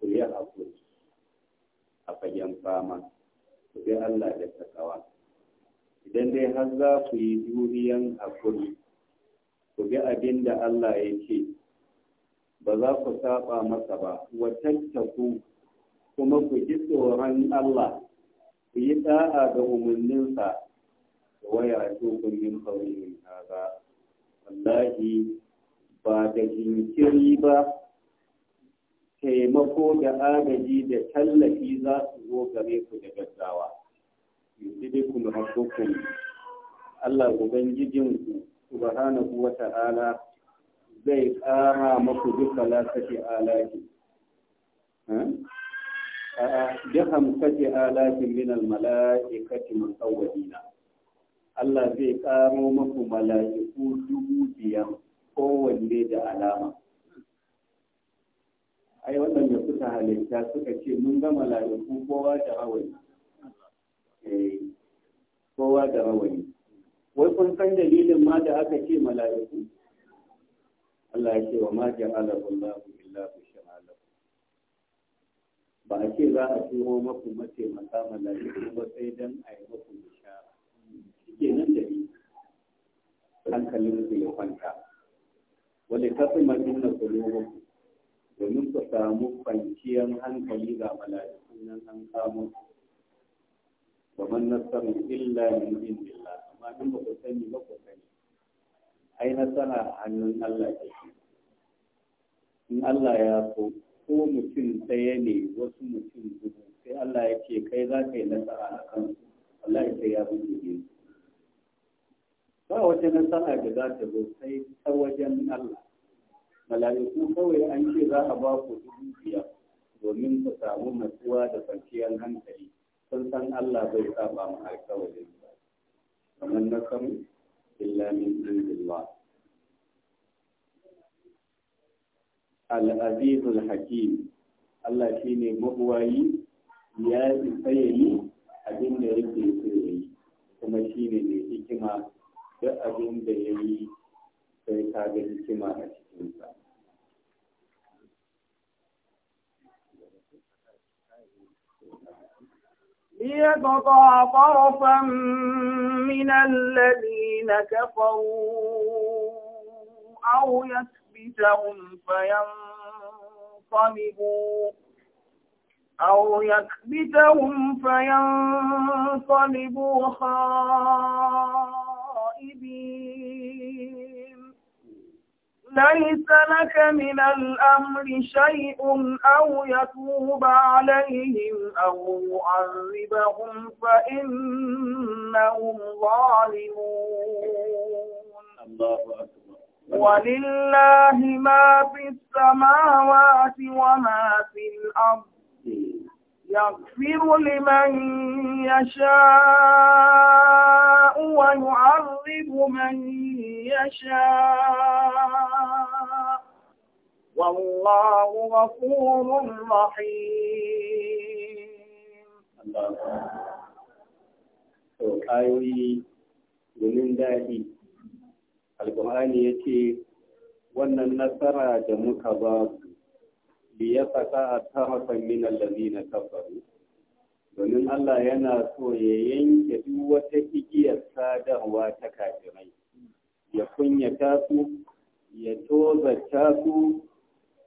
ku yi hakuri a fagen fama ku bi Allah da takawa idan dai har za ku yi duniyan hakuri ku bi abinda Allah ya ce ba za ku saba masa ba wa tattaku kuma ku ji tsoron Allah ku yi ɗa'a ga umarninsa da waya yin min kaunin haza wallahi ba da jinkiri ba taimako da agaji da tallafi za su zo gare ku da gaggawa yanzu dai kuma hakokin Allah Ubangijinku subhanahu wa ta'ala zai ƙara maku duka lasafi alaki. bi hamsati alatin min al mala'ikati musawwidina Allah zai karo maku mala'iku dubu biyar kowanne da alama ai waɗanda suka halitta suka ce mun ga mala'iku kowa da rawani eh, kowa da rawani wai kun san dalilin ma da aka ce mala'iku Allah ya ce wa ma ja'ala Allahu illa bi ba a ce za a turo maku mataimaka mala'iku ba sai dan a yi maku bishara shike nan da ni hankalin su ya kwanta Wani kafin fi na su maku domin ku samu kwanciyar hankali ga mala'iku nan an samu ba man nasaru illa min indillah amma in ba ku sani ba ku sani ai nasara hannun Allah ke in Allah ya so ko mutum ɗaya ne wasu mutum dubu sai Allah ya ce kai za ka yi nasara a kansu Allah ya sai ya ne ba wata nasara da za ta zo sai ta wajen Allah mala'iku kawai an ce za a ba ku dubu biyar domin ku samu matsuwa da kwanciyar hankali sun san Allah bai saba mu alkawarin kamar na kan illa min Allah al'azizul hakim Allah shi ne mabuwayi ya yi tsayayi abin da yake so ya yi kuma shi ne mai hikima duk abin da ya yi sai ka ga hikima a cikinsa. ليقطع طرفا من الذين كفروا أو يسرقوا يكبتهم فينقلبوا أو يكبتهم فينقلبوا خائبين ليس لك من الأمر شيء أو يتوب عليهم أو يعذبهم فإنهم ظالمون الله أكبر ولله ما في السماوات وما في الأرض يغفر لمن يشاء ويعذب من يشاء والله غفور رحيم to ayoyi alƙur'ani ya ce wannan nasara da muka ba su biya saka a tarafan min allazi na kafaru domin Allah yana so ya yanke duk wata igiyar sadarwa ta kafirai ya kunyata su ya tozarta su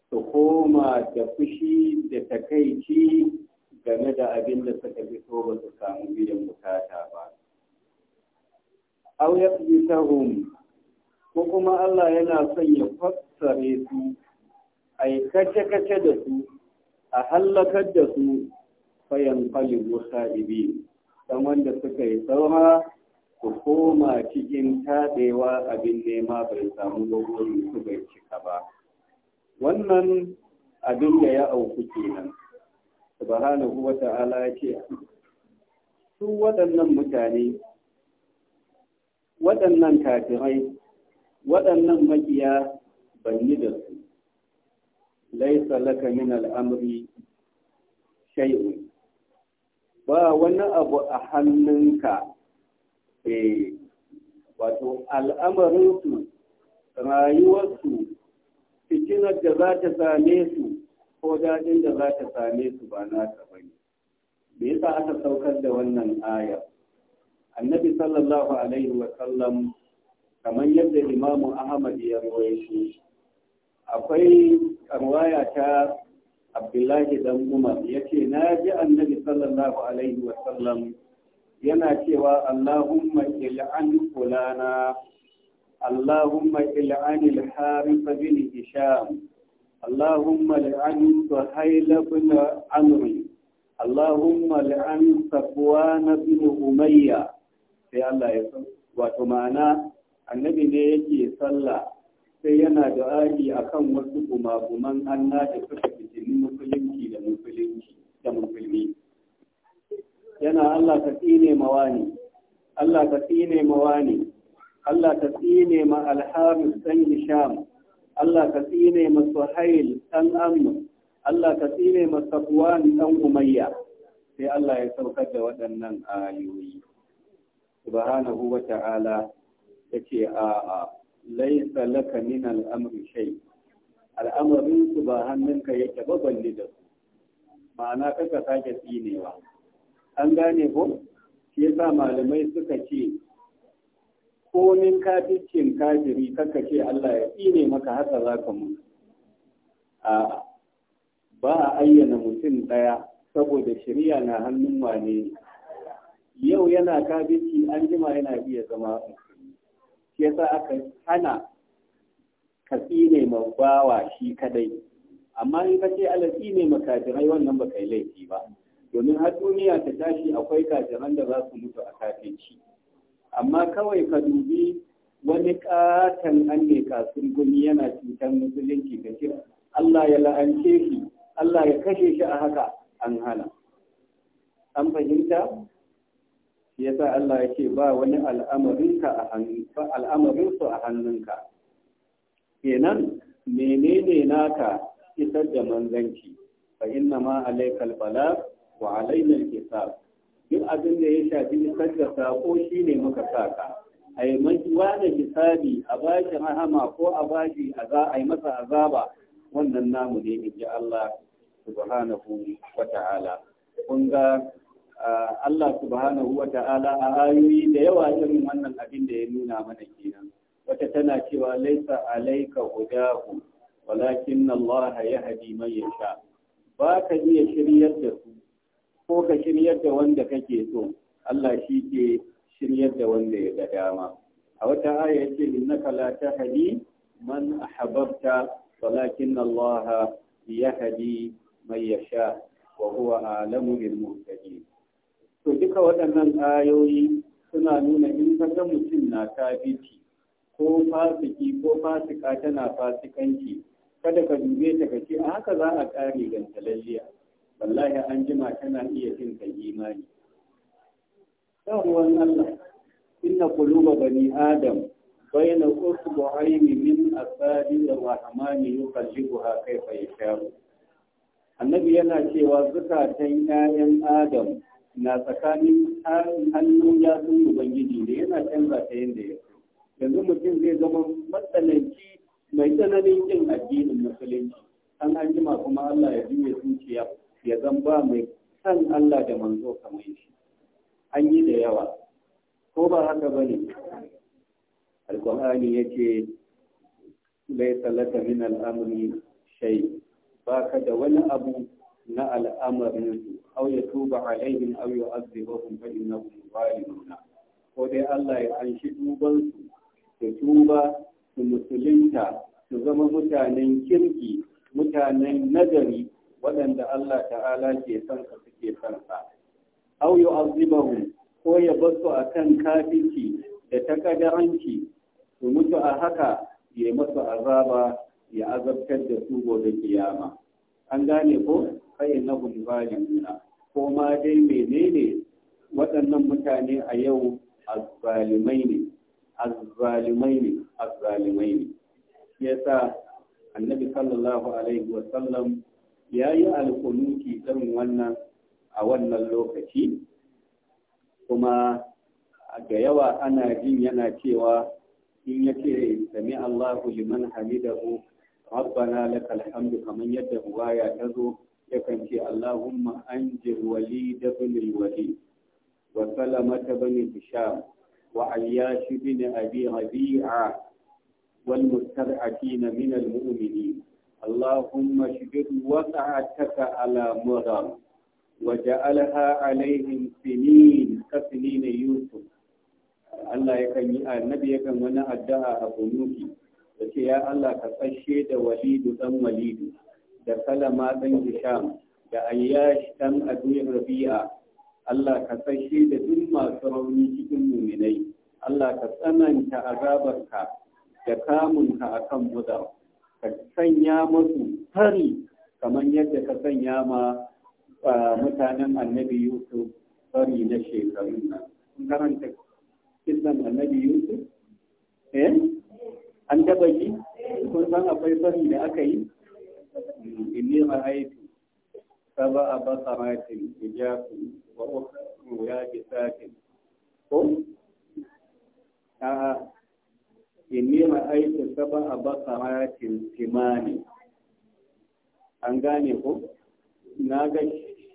su koma da fushi da takaici game da abin da suka fito ba su samu biyan bukata ba. Auyar bisahun ko kuma Allah yana son ya fassare su a yi kace-kace da su a hallakar da su fayan falibu sa'ibi don wanda suka yi saura ku koma cikin taɗewa abin nema bai samu gwagwari su bai cika ba wannan abin da ya auku kenan subhanahu wa ta'ala ya ce su waɗannan mutane waɗannan kafirai waɗannan makiya ban yi da su laisa laka min al'amri shay'un ba wani abu a hannunka E! wato al'amarinsu rayuwarsu fitinar da za ta same su ko daɗin da za ta same su ba naka ba ne me yasa aka saukar da wannan aya annabi sallallahu alaihi wa sallam kamar yadda imamu ahmad ya rawaito akwai karwaya ta abdullahi dan umar ya ce na ji annabi sallallahu alaihi wasallam yana cewa allahumma il'an fulana allahumma il'an al-harith bin hisham allahumma il'an suhayl bin amr allahumma il'an safwan bin umayya sai Allah ya wato ma'ana annabi ne yake sallah sai yana da ari akan wasu gumaguman Allah da suka fitini musulunci da musulunci da musulmi yana Allah ka tsine mawani Allah ka tsine mawani Allah ka tsine ma alhamis dan hisham Allah ka tsine ma suhail dan amr Allah ka tsine ma safwan dan umayya sai Allah ya saukar da waɗannan ayoyi subhanahu wa ta'ala yace a a laysa laka min al'amri shay al'amarin su ba hannunka yake ba balle da su ma'ana kaka sake tsinewa an gane ko shi yasa malamai suka ce komin kafircin kafiri kaka ce Allah ya tsine maka haka za ka mutu a ba a ayyana mutum ɗaya saboda shirya na hannun wane yau yana kafirci an jima yana iya zama ya yasa aka hana Katsine ne ma bawa shi kadai amma in ka ce ala ne makajirai wannan ba kai laifi ba domin har duniya ta tashi akwai kajiran da za su mutu a kafin shi. amma kawai ka dubi wani katon an ne kasun gumi yana cutar musulunci ka ce Allah ya la'ance shi Allah ya kashe shi a haka an hana an fahimta ya sa Allah ya ce ba wani al'amarinsu a hannunka kenan menene naka isar da manzanci fa inna ma alaikal bala wa alainar hisab duk abin da ya shafi isar da sako shine muka saka a yi mafi da hisabi a bashi rahama ko a bashi a yi masa azaba wannan namu ne in ji Allah subhanahu wa ta'ala kun ga Ah, Allah subhanahu wa ta'ala a ayoyi da yawa irin wannan abin da ya nuna mana kenan wata tana cewa laisa alaika hudahu walakin Allah yahdi man yasha ba ka iya shiryar da su ko ka shiryar da wanda kake so Allah shi ke shiryar da wanda ya ga dama a wata aya yace innaka la tahdi man ahbabta walakin Allah yahdi man yasha wa huwa a'lamu bil muhtadin to duka waɗannan ayoyi suna nuna in ka mutum na tabiti ko fasiki ko fasika tana fasikanci kada ka dube ta kace a haka za a kare gantalalliya wallahi an jima tana iya jin ka imani ruwan Allah inna quluba bani adam bayna usbu'ayni min asadi rahmani yuqallibuha kayfa yasha annabi yana cewa zukatan 'ya'yan adam na tsakanin hannun yatsun ubangiji da yana canza ta yadda ya so yanzu mutum zai zama matsananci mai tsananin yin addinin musulunci an an ma kuma Allah ya juya zuciya ya zan ba mai san Allah da manzo kamar shi an yi da yawa ko ba haka ba ne alkur'ani ya ce bai salata min al'amuri shai ba ka da wani abu na al'amarin aw yatuba alaihim aw yu'adhibahum fa innahum zalimuna ko dai Allah ya anshi duban su su tuba su musulunta su zama mutanen kirki mutanen nagari waɗanda Allah ta'ala ke son ka suke son sa aw yu'adhibahum ko ya basu akan kafirci da takadaranci su mutu a haka ya masu azaba ya azabtar da su gobe kiyama an gane ko kai na zalimuna ko ma dai menene waɗannan mutane a yau azzalimai ne azzalimai ne azzalimai ne yasa annabi sallallahu alaihi wa sallam ya yi alkunuki irin wannan a wannan lokaci kuma ga yawa ana jin yana cewa in yake sami Allahu liman hamidahu rabbana lakal hamdu kaman yadda ruwaya ta zo yakan ce Allahumma an wali da bin wali wa salamata bin hisham wa ayyashi bin abi rabi'a wal mustar'atin min al mu'minin اللهم اشدد وقعتك على مرم وجعلها عليهم ka كسنين Yusuf? Allah ya kan yi annabi ya kan wani addu'a a bunuki da ce ya Allah ka tsashe da walidu dan walidu da salama ɗan hisham da ayyash ɗan abin rabi'a Allah ka sashi da duk masu rauni cikin muminai Allah ka tsananta azabarka da kamunka a kan buda ka sanya masu fari kamar yadda ka sanya ma mutanen annabi yusuf fari na shekarun nan karanta kisan annabi yusuf eh an taba yi? kun san akwai fari da aka yi inni ra'aytu sab'a basaratin hijabun wa ukhra yabisatin ko a'a sab'a an gane ko na ga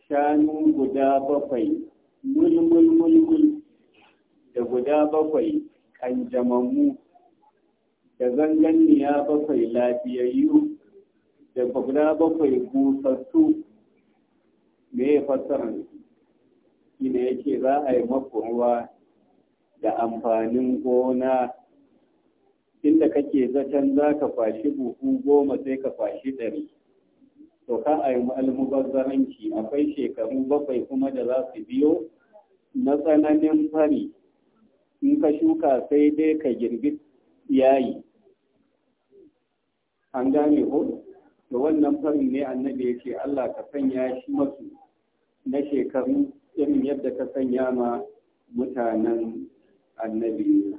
shanu guda bakwai mulmulmulmul da guda bakwai kanjamammu da ya bakwai lafiyayyu daga guda bakwai busassu me ya fassara shi ne yake za a yi maku ruwa da amfanin gona inda kake zaton za ka fashi buhu goma sai ka fashi ɗari to ka a yi almubazzaranci akwai shekaru bakwai kuma da za su biyo na tsananin fari in ka shuka sai dai ka girbi yayi an gane ko da wannan farin ne annabi ya ce Allah ka sanya shi masu na shekaru irin yadda ka sanya ma mutanen annabi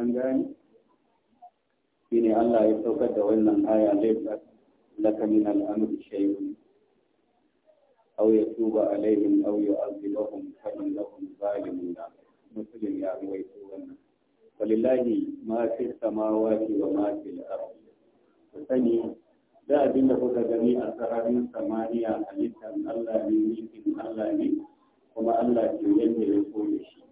an gani shi ne Allah ya saukar da wannan aya laifar laka min al'amri shay'un aw yatuba alaihim aw yu'adhibahum fa innahum zalimun musulun ya ruwaito wannan walillahi ma fi samawati wa ma fil ardi sani da abin da kuka gani a sararin samaniya halittar Allah ne nufin Allah ne kuma Allah ke yadda ya so shi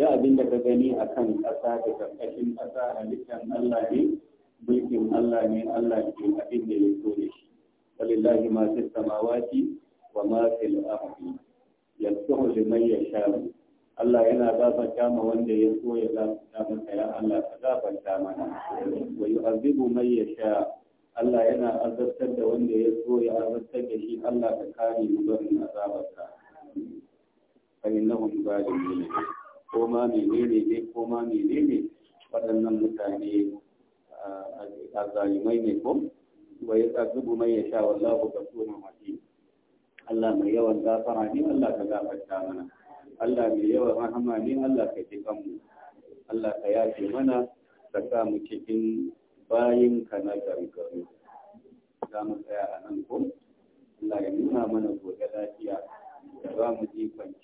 da abin da ka gani a kan ƙasa da ƙarƙashin ƙasa halittar Allah ne mulkin Allah ne Allah ke abin da ya so shi walillahi ma fi samawati wa ma fil ardi yasuhu liman yasha'u Allah yana gafarta ma wanda ya so ya gafarta masa ya Allah ka gafarta mana wa yu'adhibu man sha? Allah yana azabtar da wanda ya so ya azabtar da shi Allah ka kare mu barin azabarka fa innahum zalimun ko ma menene ne, ko ma menene waɗannan mutane a ah, zalimai ne ko wa ya zubu mai ya sha wallahu ghafurun mati Allah mai yawan gafara ne Allah ka gafarta mana Allah mai yawan rahama ne Allah ka ji kanmu Allah ka yafe mana ka sa mu cikin bayin ka na gargaru za mu tsaya a nan ko Allah ya nuna mana gobe lafiya da ba mu kwanci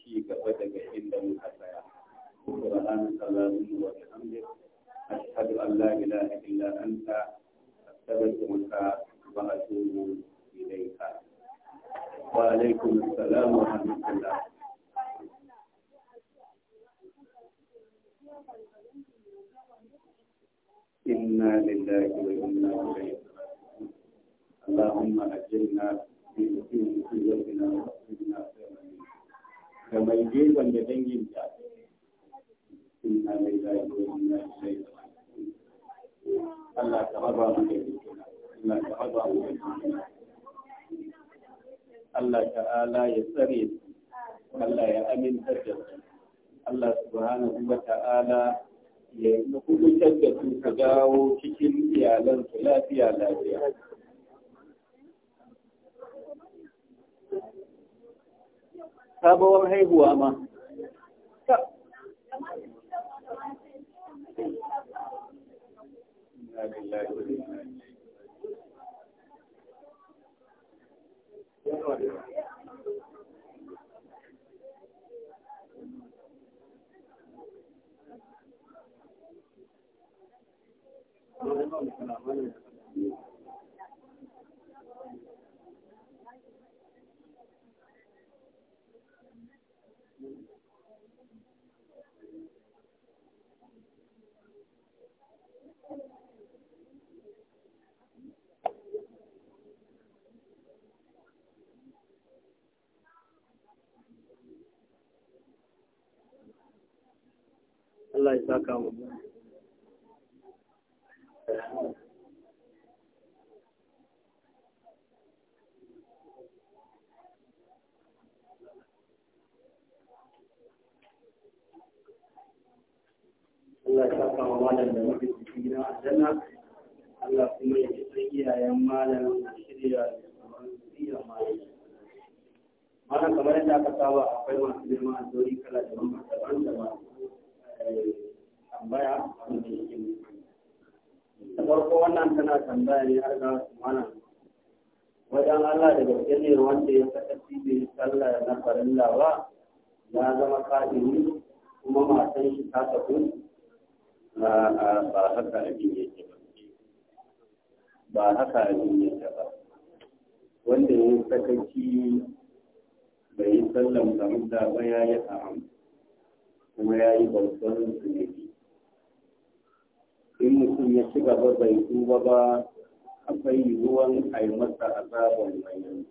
boa ma Allah ya saka mu Allah ya saka wa malam da mafi cikin gidan aljanna Allah kuma ya ci iyayen malam shirya da shirya malam malam kamar yadda aka saba akwai masu girma a zori kala daban-daban tambaya wanda yake mutum. Da farko wannan tana tambaya ne har ga mana wajen Allah da gaske ne wanda ya saka cibi sallah na farilla ba ya zama kafiri kuma matan shi ta tafi ba haka abin yake ba. Ba haka abin yake ba. Wanda ya sakaci bai yi sallan da ba ya yi haram. kuma ya yi ne zunubi in mutum ya ci gaba bai duba ba akwai yiwuwan a yi masa azabar mai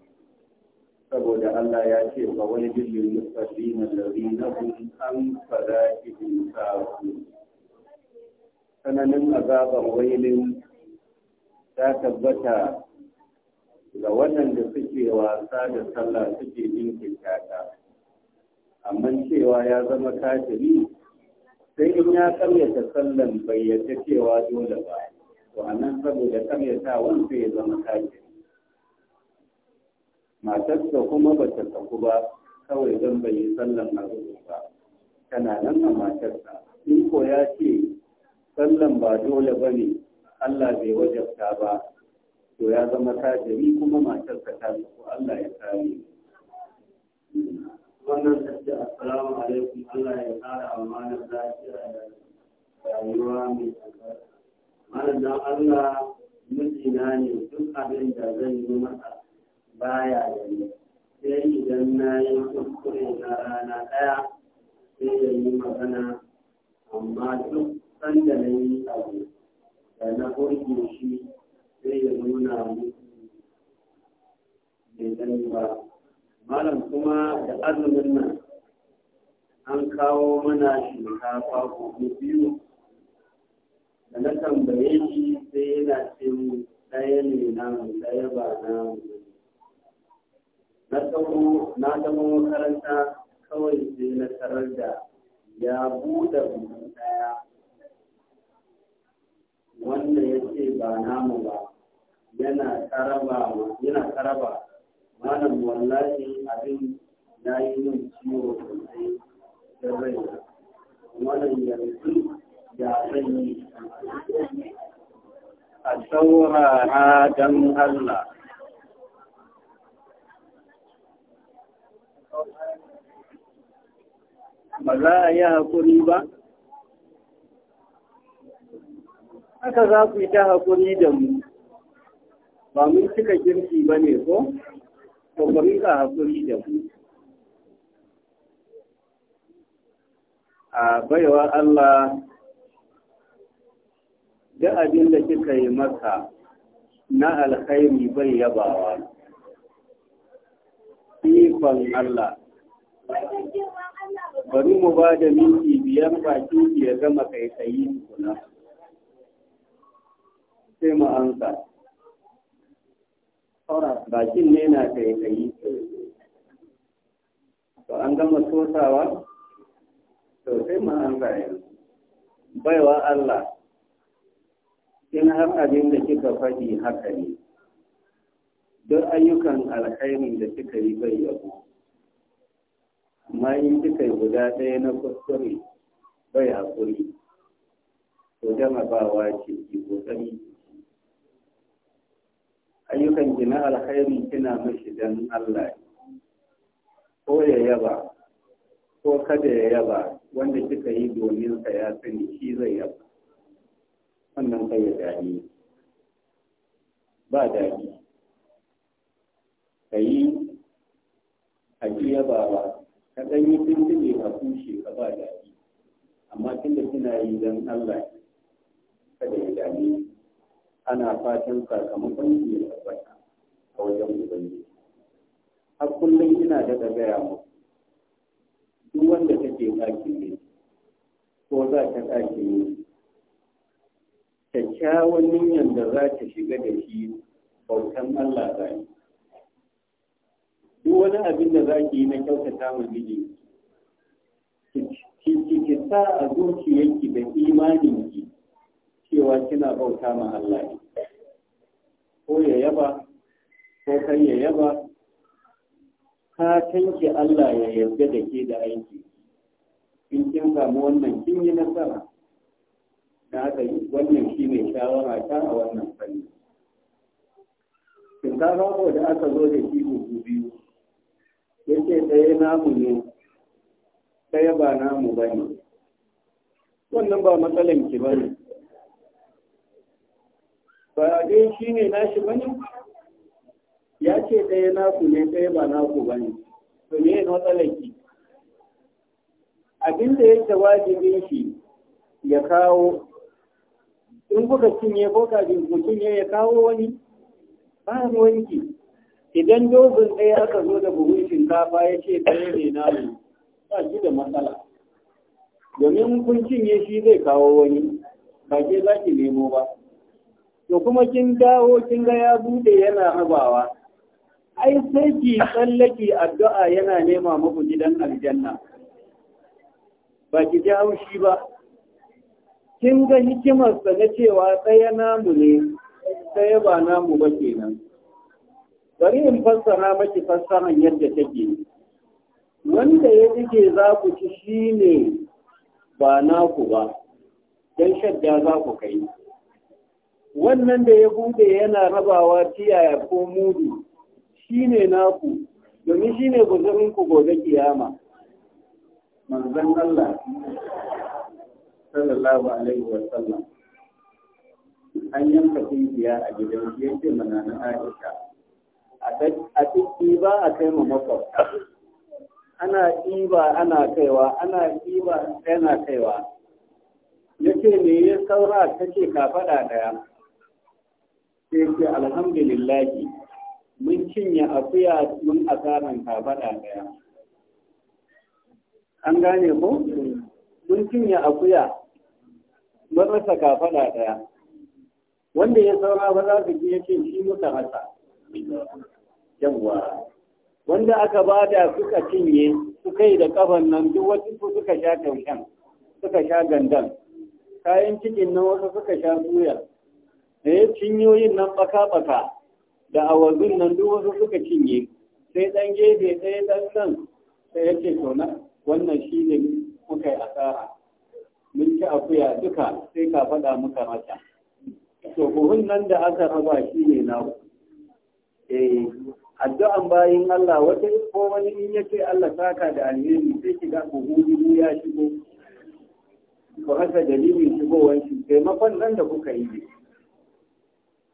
saboda Allah ya ce ba wani jirgin musalli na lari na hun an fara cikin sa'adu sananin azaban wailin ta tabbata ga da suke wasa da sallah suke jinkirta ta amma cewa ya zama kafiri sai in ya karyata sallan bai yadda cewa dole ba to a nan saboda karyata sai ya zama kafiri matarsa kuma ba ta saku ba kawai don bai yi sallan a ba tana nan a matarsa in ko ya ce sallan ba dole ba ne Allah bai wajabta ba to ya zama kafiri kuma matarsa ta saku Allah ya kare wannan ta ce assalamu alaikum Allah ya kara amanar lafiya da rayuwa mai albarka malam Allah mijina ne duk abin da zan yi masa baya da ni sai idan na yi kuskure na rana ɗaya sai ya yi magana amma duk sanda na yi abu da na burge shi sai ya nuna musu bai ba malam kuma da azumin nan an kawo mana shinkafa gobe biyu da na tambaye shi sai yana ce ɗaya ne na ɗaya ba na na tsawo na zama makaranta kawai sai na tarar da ya buɗe buhu ɗaya wanda ya ce ba namu ba yana karaba malam wallahi abin na yi min ciwo sosai da rai malam yanzu ya zan yi a saurara don Allah ba za a yi haƙuri ba haka za ku yi ta haƙuri da mu ba mun cika girki ba ne ko? to ku haƙuri da mu a baiwa Allah da abin da kika yi maka na alkhairi bai yabawa ikon Allah bari mu ba da minti biyar baki ya gama kai tsayi tukuna sai mu ansa bakin ne na kaikayi to an gama tosawa to sai ma an Bai baiwa Allah in har abin da kika faɗi haka ne Don ayyukan alkhairin da kika yi bai yabo amma in kika yi guda ɗaya na kuskure bai haƙuri to jama'a ba wa ce ki kokari ayyukan ki na alkhairi kina mashi dan Allah ko ya yaba ko kada ya yaba wanda kika yi domin sa ya sani shi zai yaba wannan kai ya dani ba dadi ka yi a ki ba, ka dan yi tuntuni ka kushe ka ba dadi amma tunda kina yi dan Allah kada ya dani ana fatan sakamakon yi da tabbata a wajen ubangiji har kullum ina daga gaya mu duk wanda take ɗakin ne ko za ta ɗakin ne kyakkyawan niyan da za ta shiga da shi bautan Allah za yi duk wani abin da za ki yi na kyautata mu miji ki sa a zuciyarki da imaninki cewa kina bauta ma Allah ne ko ya yaba ko kai ya yaba ka tanke Allah ya yarda da ke da aiki in kin samu wannan kin yi nasara da haka wannan shi ne shawara ta a wannan fanni ka ko da aka zo da shi dubu biyu yake ɗaya namu ne ɗaya ba namu ba ne wannan ba matsalan ki ba ba dai shi ne nashi ba ne ya ce ɗaya naku ne ɗaya ba naku ba ne to ne na tsalaki abin da yake wajibin shi ya kawo in kuka cinye ko kafin ku cinye ya kawo wani ba wanki idan dozin ɗaya aka zo da buhun shinkafa ya ce ɗaya ne namu ba shi da matsala domin kun cinye shi zai kawo wani ba ke za ki nemo ba to kuma kin dawo kin ga ya bude yana rabawa ai sai ki tsallake addu'a yana nema muku gidan aljanna ba ki ji haushi ba kin ga hikimar sa na cewa tsaya namu ne tsaya ba namu ba kenan bari in fassara maki fassaran yadda take wanda ya rike za ku ci shine ne ba naku ba don shadda za ku kai wannan da ya bude yana rabawa tiyaya ko mudu ne naku domin shi ne ku gobe kiyama manzan Allah sallallahu alaihi wa sallam an yanka kungiya a gidan shi yace mana na Aisha a ciki, ba a kai ma makwabta ana ɗiba ana kaiwa ana ɗiba yana kaiwa ya ce me ya saura ta ce ka faɗa ɗaya sai ce alhamdulillah, mun cinye akuya mun asaran kafaɗa ɗaya an gane ko mun cinye akuya mun rasa kafaɗa ɗaya wanda ya saura ba za su ji yake shi muka rasa yawwa wanda aka bada suka cinye su kai da kafan nan duk wasu su suka sha kaushen suka sha gandan kayan cikin nan wasu suka sha suya sai ya cinyoyin nan baka-baka da awazin nan duk wasu suka cinye sai ɗan gefe ɗaya ɗan nan sai ya ce to wannan shi ne muka yi asara mun ci akuya duka sai ka faɗa muka mata to buhun nan da aka raba shi ne eh addu'an bayin Allah wata ko wani in yake Allah saka da alheri sai ki ga buhu ya shigo ko haka dalilin shigowar shi taimakon nan da kuka yi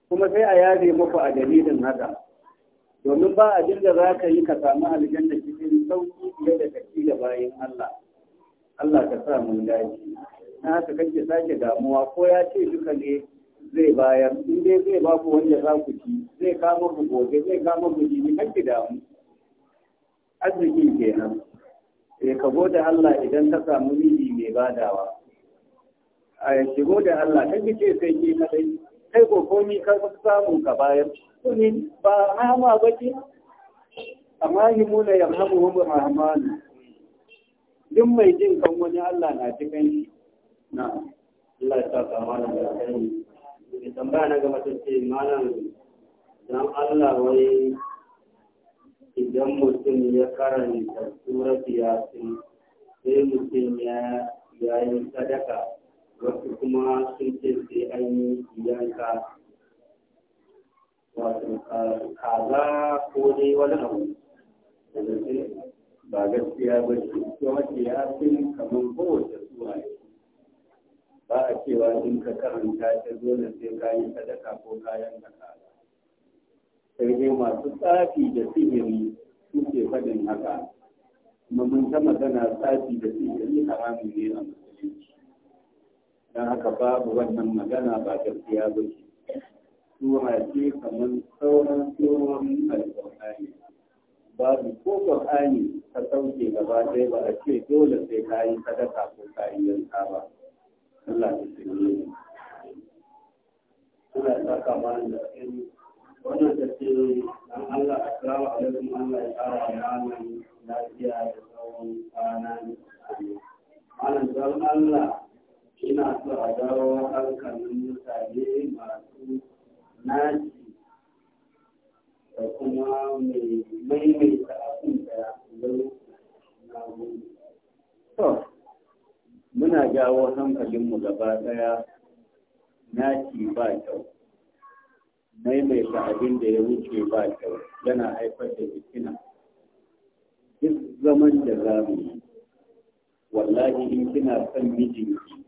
kuma sai a yare muku a dalilin haka domin ba abin da za ka yi ka samu aljanna cikin sauki fiye da kaci da bayan Allah Allah ka sa mun dace na haka kake sake damuwa ko ya ce duka ne zai bayar in dai zai ba ku wanda za ku ci zai kama ku gobe zai kama ku jini kan ki damu arziki kenan sai eh, ka gode Allah idan ka samu miji mai badawa a shigo da Allah kan ki ce sai ki kadai kai ko komi ka samu ka bayar kuni ba rahama ba ke. amma himu na yarhamu wa rahmanu duk mai jin kan wani Allah na cikin shi na Allah ya saka mana da kai ne tambaya na gaba ce malam dan Allah wai idan mutum ya karanta surati yasin sai mutum ya yi sadaka wasu kuma sun ce sai an yi yanka wato kaza ko dai wani abu daga ba gaskiya ba ce ko wace ya fi kamar kowace suwa ne ba a cewa in ka karanta ta dole sai ka yi sadaka ko kayan da kaza sai dai masu tsafi da sihiri suke fadin haka kuma mun ta magana tsafi da sihiri haramun ne a musulunci don haka babu wannan magana ba gaskiya ba ce sura ce kamar sauran surorin alƙur'ani babu ko ƙur'ani ta sauke gaba ɗaya ba a ce dole sai ka yi sadaka ko kayan yi yanka ba Allah ya shirye ni Allah ya saka mana da kai wannan ta ce dan Allah assalamu alaikum Allah ya wa mana lafiya da tsawon kwana malam don Allah ina sa a dawo hankalin mutane masu naci da kuma mai maimaita abin da zai na To, muna jawo hankalinmu gaba ɗaya naci ba kyau, maimaita abin da ya wuce ba kyau yana haifar da fitina. Duk zaman da za yi, wallahi in kina son mijinki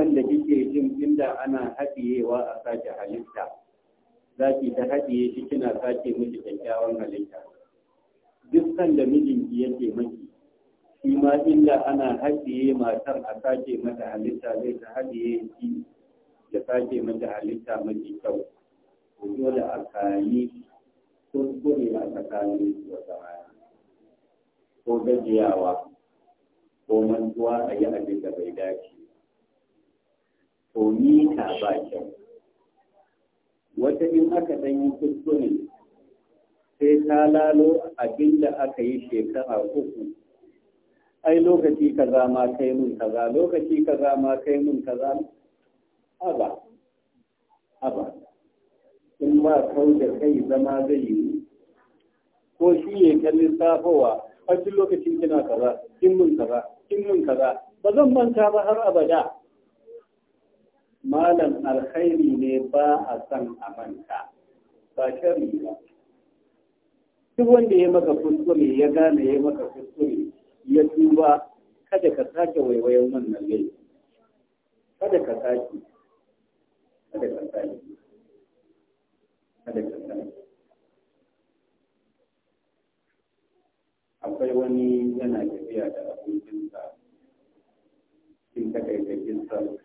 sanda kike jin inda ana haɗiyewa a sake halitta za ki ta haɗiye shi kina sake miki kyakkyawan halitta duk sanda mijinki yake maki shi ma inda ana haɗiye matar a sake mata halitta zai ta haɗiye shi ya sake mata halitta mafi kyau dole a kayi kuskure a tsakanin su wata ko gajiyawa ko mantuwa a yi abin da bai dace ko mita ba kyau wata in aka ɗan yi kuskure sai ta lalo abinda aka yi shekara uku ai lokaci kaza ma kai mun kaza lokaci kaza ma kai mun kaza aba aba in ba kau da kai zama zai yi ko shi ya kalli safowa a cikin lokacin kina kaza kin mun kaza kin mun kaza ba zan manta ba har abada malam alkhairi ne ba a san a manta ba shari ba duk wanda ya maka kuskure ya gane ya maka kuskure ya tuba kada ka sake waiwayon wannan laifi kada ka sake kada ka sake kada ka sake akwai wani yana tafiya da abokinsa cikin takaitakinsa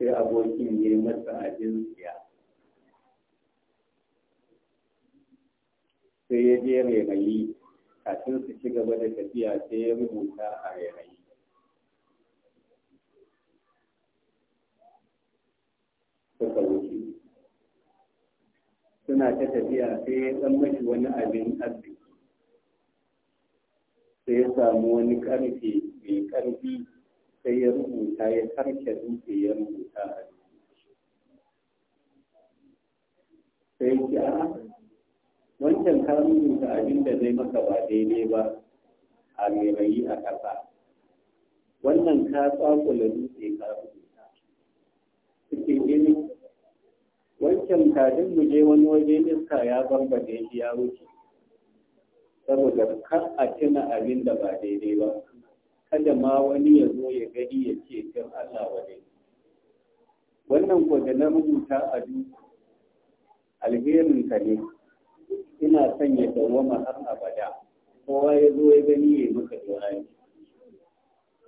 sai abokin ya yi masa abin siya sai ya je rairayi kafin su ci gaba da tafiya sai ya rubuta a rairayi suka wuce suna ta tafiya sai ya ɗan mashi wani abin arziki sai ya samu wani ƙarfe mai ƙarfi sai ya rubuta ya sarke dutse ya rubuta a sai ki a ah, wancan ka rubuta abin da zai maka ba daidai ba a rairayi a ƙasa wannan ka tsakula dutse ka rubuta cikin gini wancan kadin mu je wani waje iska ya bambade shi ya wuce saboda kar a tuna abin da ba daidai ba kada ma wani ya zo ya gani ya ce don Allah wane wannan ko da na rubuta a duka. alherin ka ne ina son ya dawwama har abada kowa ya zo ya gani ya maka jawabi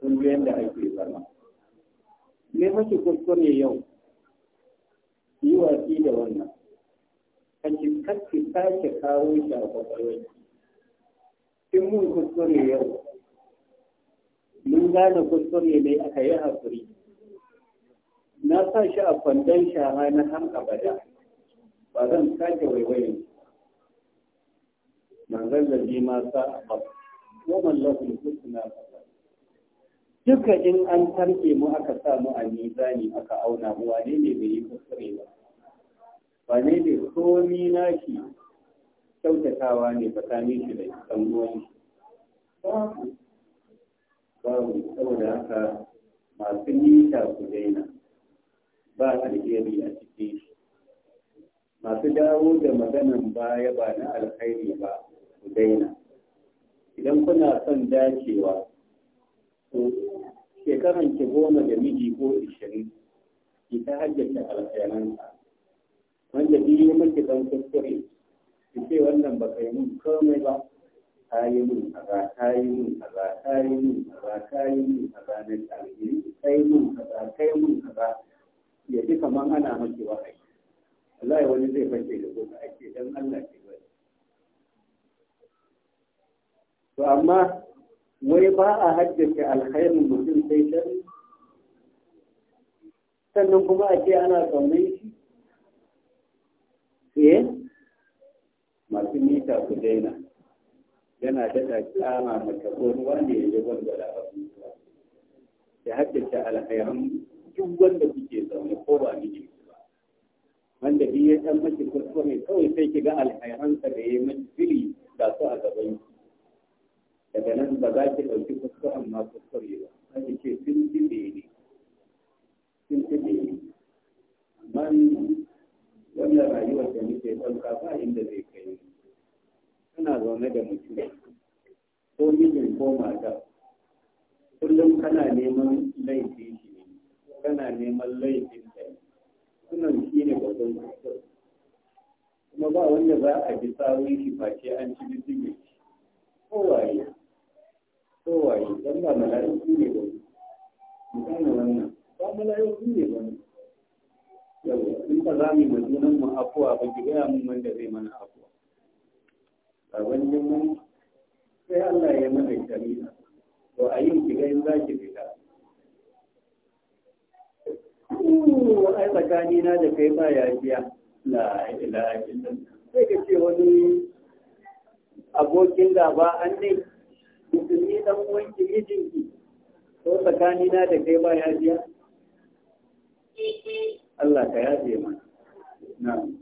sun ji yadda ake zama me mace kuskure yau yi watsi da wannan kaci kaci sake kawo shi a kwakwalwarki in mun kuskure yau mun gane kuskure ne aka yi haƙuri na sa shi a kwandon shara na har abada ba zan sake waiwayin manzan zargi ma sa a ba ko mallakul husna duka in an tarke mu aka sa mu a nizani aka auna mu wane ne bai yi kuskure ba wane ne komi nashi kyautatawa ne tsakanin shi da samuwan shi babu saboda haka masu nisa ku daina ba alheri a cikin shi masu dawo da maganan baya ba na alheri ba ku daina idan kuna son dacewa to shekaran ki goma da miji ko ishirin ki ta hajjata alkhairansa wanda biyu maki dan kuskure ki ce wannan ba kai mun komai ba ta yi min kaza ta yi min kaza ta yi min kaza ta yi min kaza na tarihi ta yi min kaza ta yi min kaza ya ji kaman ana maki wa aiki wallahi wani zai fashe da kuka ake dan Allah ke bari to amma wai ba a haddace alkhairin mutum sai shari sannan kuma a ce ana tsammanin shi eh masu mita ku daina yana daɗa kama maka wani wanda ya je wanda da abubuwa ya haddace alhairan duk wanda kuke zaune ko ba miji ba wanda bi ya san maki kuskure kawai sai ki ga alhairansa da ya maki fili da su a gaban ki daga nan ba za ki ɗauki kuskuren ma kuskure ba sai ki ce sun tibe ne sun tibe ne amma wannan rayuwar da muke ɗauka ba inda zai kai mu suna zaune da mutum ko mijin ko mata kullum kana neman laifin shi ne kana neman laifin ta sunan shi ne babban kusur kuma ba wanda za a ji tsawon shi face an ci bisigin shi kowaye kowaye don ba mala'iku ne ba musamman wannan ba mala'iku ne ba yau in ba za mu yi mu afuwa ba ki gaya mun wanda zai mana abu sabon mun sai Allah ya mana shari'a to a yin ki in za ki fita ai tsakani na da kai ba ya biya la ilaha illallah sai ka ce wani abokin da ba an ne musulmi dan wanki mijinki to tsakani na da kai ba ya biya eh, eh. Allah ka yafe mana na'am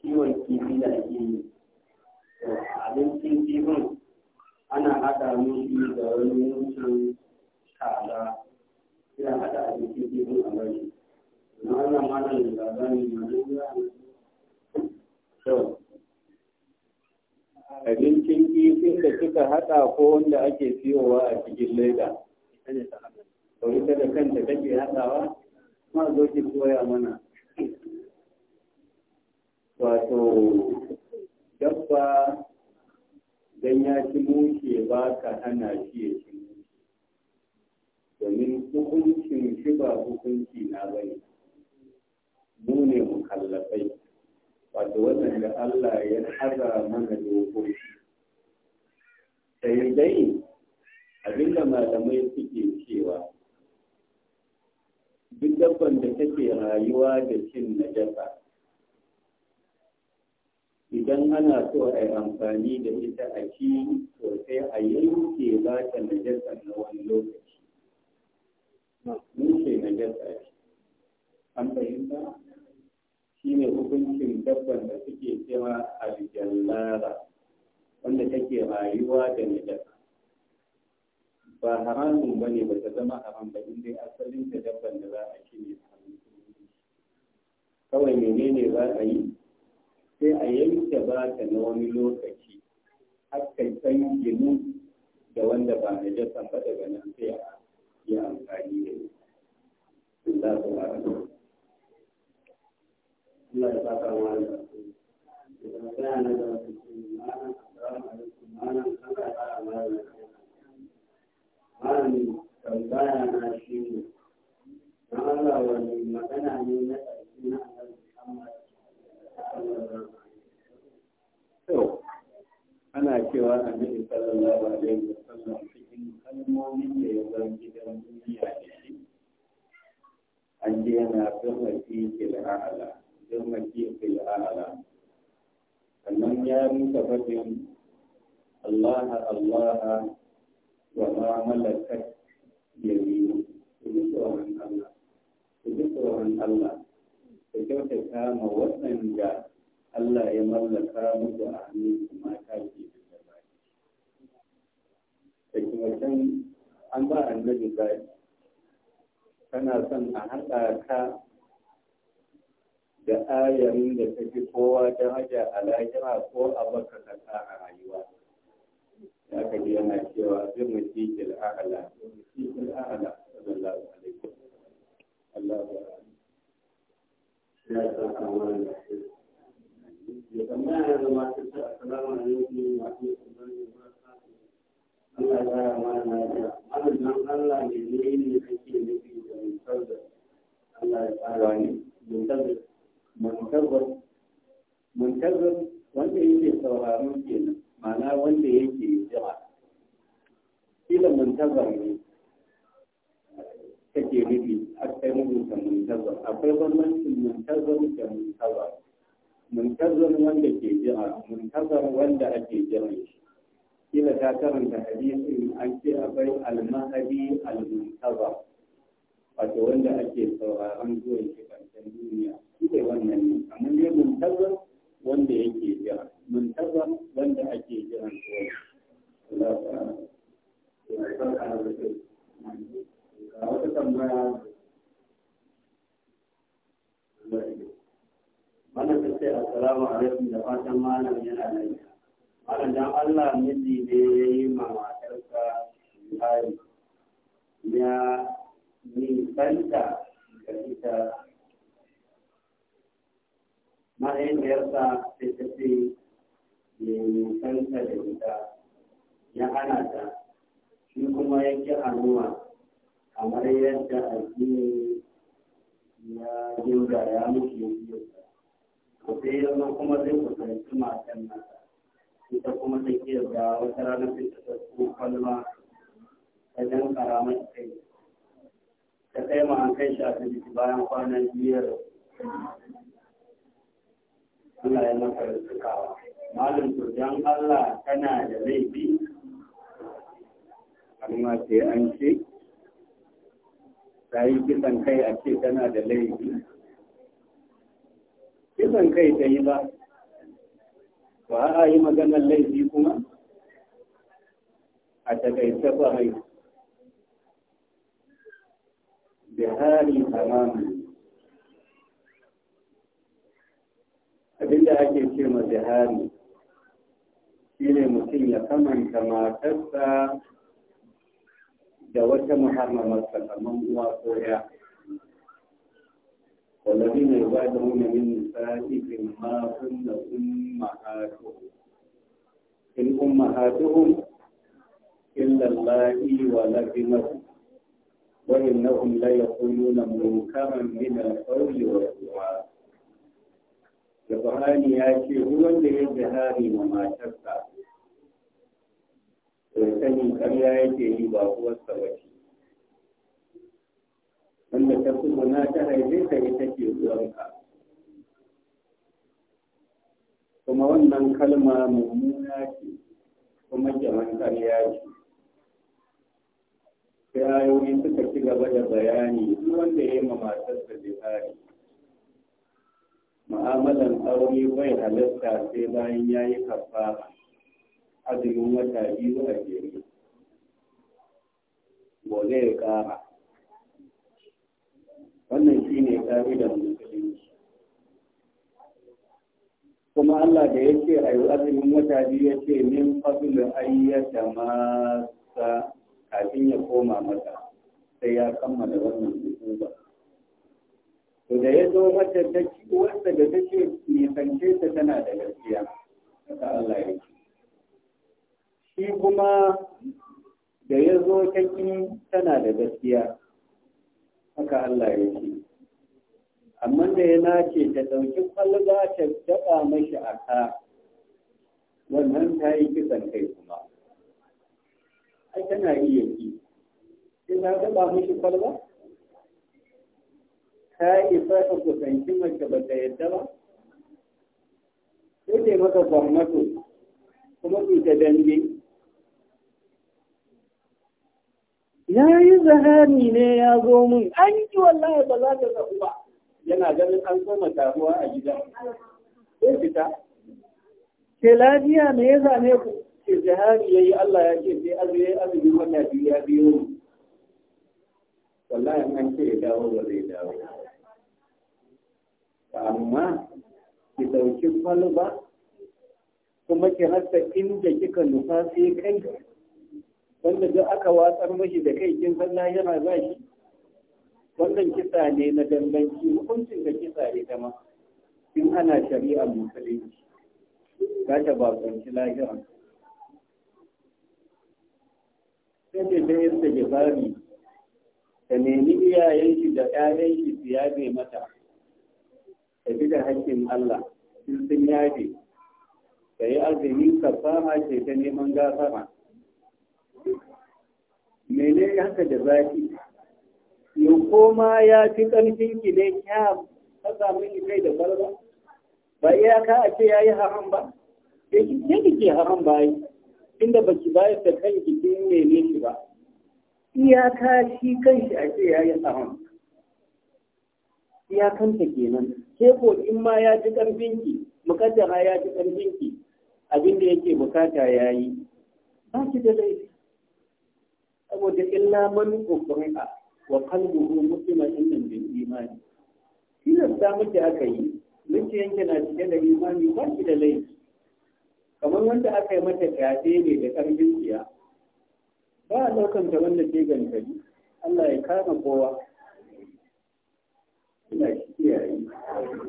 kiwon kifi da ake yi abincin kifin ana haɗa musu da wani wucin kaza ina haɗa abincin kifin a bari na wannan malam da zani na duniya abincin kifin da kika haɗa ko wanda ake siyowa a cikin leda to ita da kanta kake haɗawa ma zo ki koya mana wato dabba don ya ci mushe ba ka hana shi ya ci mushe domin hukuncin shi ba hukunci na ba ne mu ne mukallafai wato waɗanda Allah ya haza mana dokoki sai dai abinda malamai suke cewa duk dabban da take rayuwa da cin na najasa idan ana so a yi amfani da ita a ci sosai a yanke ba ta najasa na wani lokaci mushe najasa ce an fahimta shi ne hukuncin dabban da suke cewa aljallara wanda take rayuwa da najasa ba haramun ba ne ba ta zama haram ba in dai asalin ta dabban da za a ci ne kawai menene za a yi sai a yanke ba ta na wani lokaci hakan san ginin, da wanda ba na jasa ba daga nan sai a yi amfani da shi. Allah ta ba ka? Allah ta ba ta wa da su. tambaya na shi ne, na Allah wani magana ne na ƙarfi na to ana cewa annabi sallallahu da wasallam cikin kalmomin da ya bar gidan duniya da shi an je yana firmaki fil a'la firmaki fil a'la sannan ya rinka fadin Allah Allah wa ma malakat yaminu ku ji tsoron Allah ku ji tsoron Allah ku kyautata ma waɗanda Allah ya mallaka muku a hannun mata ke da zaɓi. Da kuma can an ba annabi zaɓi, kana son a haɗa ka da ayarin da ta fi kowa daraja a lahira ko a baka kasa a rayuwa. Ya aka ji yana cewa zai mu ci kil'a'ala, ci kil'a'ala, sallallahu alaihi wa sallam. Allah ya Ya sa kamar da ya tambaya da masu Allah ya Allah ne ne ne da mutar da Allah ya wanda yake sauraron kenan ma'ana wanda ne akai rubuta muntarwar akwai da muntarwar منتظر wanda ke jira منتظر wanda ake jira ta karanta hadisin an ce akwai almahadi almuntazar wato wanda ake sauraron zuwa shi duniya shi ne wannan ne amma ne muntazar wanda yake jira muntazar wanda ake jiran wannan ta ce assalamu alaikum da fatan malam yana nan malam dan Allah miji ne ya yi ma matarsa tsari ya nisanta ga ita mahaifiyarsa sai ta ce ya nisanta da ita ya hana ta shi kuma ya ki hannuwa kamar yadda addini ya jirga ya muke ku yi zama kuma zai kusanci matan nasa ita kuma ta ke da wata ranar sai ta ɗauko kwalma ta jan karama kai ta kai ma an kai shi asibiti bayan kwanan biyar Allah ya maka rasukawa malam turjan Allah tana da laifi amma sai an ce ta yi kisan kai a ce tana da laifi kisan kai ta yi ba ba a yi maganar laifi kuma a takaice da hari tamamu abinda ake ce ma da hari shi ne mutum ya kamanta matarsa da wata muhammamar kamar uwa ko ya والذين يبادرون من نسائهم ما هن أمهاتهم إن أمهاتهم إلا الله ولكنهم وإنهم ليقولون منكرا من القول والدعاء Ibrahim ya ce ruwan da ya jihari ma matarsa, to sani ƙarya yake yi ba kuwarsa ba ce. wanda ta kuma na ta haife ka ita ke zuwanka. kuma wannan kalma mummuna ce kuma jaman ƙarya ce sai ayoyi suka ci gaba da bayani duk wanda ya yi ma da jihari ma'amalan aure bai halatta sai bayan ya yi kafa azumin wata biyu a jere ba zai ƙara wannan shi ne ƙa'idar musulunci kuma Allah da ya ce a yi azumin wata biyu ya ce min fasulun ayyata masa kafin ya koma mata sai ya kammala wannan hukuba to da ya zo mata ta ci wanda da ta ce nisance ta tana da gaskiya ta Allah ya ce shi kuma da ya zo ta tana da gaskiya haka Allah ya ce amma da ya nace ta ɗauki kwalba ta daɓa mashi a ka wannan ta yi kisan kai kuma ai tana iya ki sai ta daɓa mashi kwalba ta isa ka kusanci mace ba ta yadda ba sai dai maka gwamnato kuma su ta dangi. ya yi zahari ne ya zo mun an yi wallahi ba za ka zaɓu ba yana ganin an koma taruwa a gida sai fita ke lafiya me ya zane ku ke zahari ya yi Allah ya ce sai azumi azumi wata biyu ya biyo mu wallahi an ce ya dawo ba zai dawo Ba amma ki ɗauki kwalba kuma ki hasa inda kika nufa sai kai wanda duk aka watsar mashi da kai kin san lahira ba shi wannan kisa ne na dambanci hukuncin da kisa ne ta ma in ana shari'a musulunci za ta babanci lahira sai da ta yi da ta nemi iyayen shi da ƴaƴan shi su yabe mata ta bi da hakkin Allah in sun yabe Ka yi azumin kafara ce ta neman gafara mene haka da zafi yau koma ya fi ƙarfin ki ne ya kasa mini kai da barba ba iyaka a ce ya yi haram ba sai ki ce ke haram ba yi inda ba ki bayar da kan ki kin mene shi ba ka shi kanshi a ce ya yi haram iyakanta kenan ke ko in ma ya ji ƙarfin ki mukaddara ya ji ƙarfin ki abin da yake bukata ya yi ba ki da laifi saboda illa man ukriha wa qalbuhu mutma'innan bil iman tilasta miki aka yi yanke na cike da imani ba ki da laifi kamar wanda aka yi mata fyaɗe ne da ƙarfin tsiya ba a ɗaukan ta wanda ke gantari Allah ya kama kowa ina Allah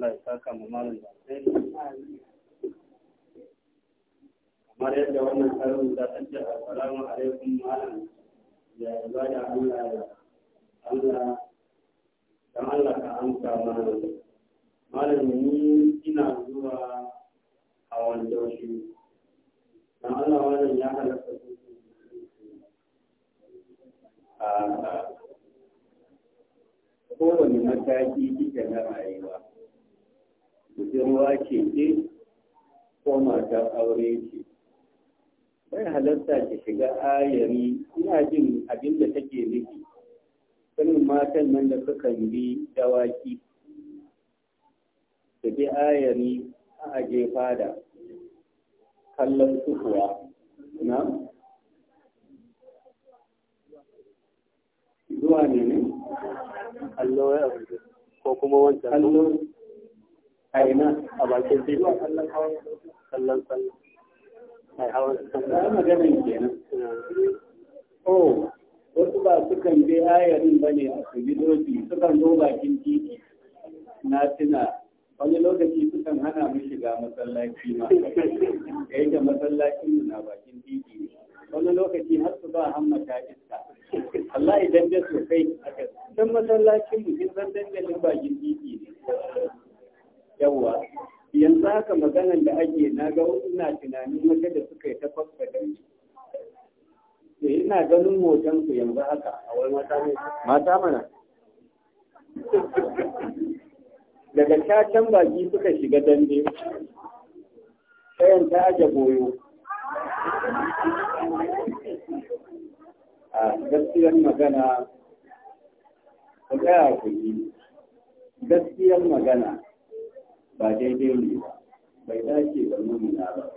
ya saka mu malam da kamar yadda wannan karin da ta ce assalamu alaikum malam ya ba da Allah ya Allah dan Allah ka amsa mana malam ni ina zuwa a wanda shi Da Allah wannan ya halatta kowane mataki kika na rayuwa budurwa ce ce ko matar aure ce sai halarta ki shiga ayari ina jin abin da take nufi sanin matan nan da suka bi dawaki su bi ayari a aje fada kallon su kuwa na zuwa ne ne allo ya ko kuma wancan allo a ina a bakin titi kallon kallon kallon maganin kenan oh wasu ba sukan je ayarin ba ne a sujidoji sukan zo bakin titi na tuna wani lokaci sukan hana mu shiga masallaci ma yi da yake na bakin titi wani lokaci har su ba hammata iska Allah idan da sosai dan masallacin mu kin san dandalin bakin titi ne yawwa yanzu haka maganan da ake na ga wasu na tunanin wata da suka yi ta fafka da eh, ina ganin motan ku yanzu haka a wani mata ne mata mana daga cacan baki suka shiga dambe ɗayan ta aje goyo a gaskiyar magana ku tsaya ku yi gaskiyar magana ba daidai ne ba bai dace da mumina ba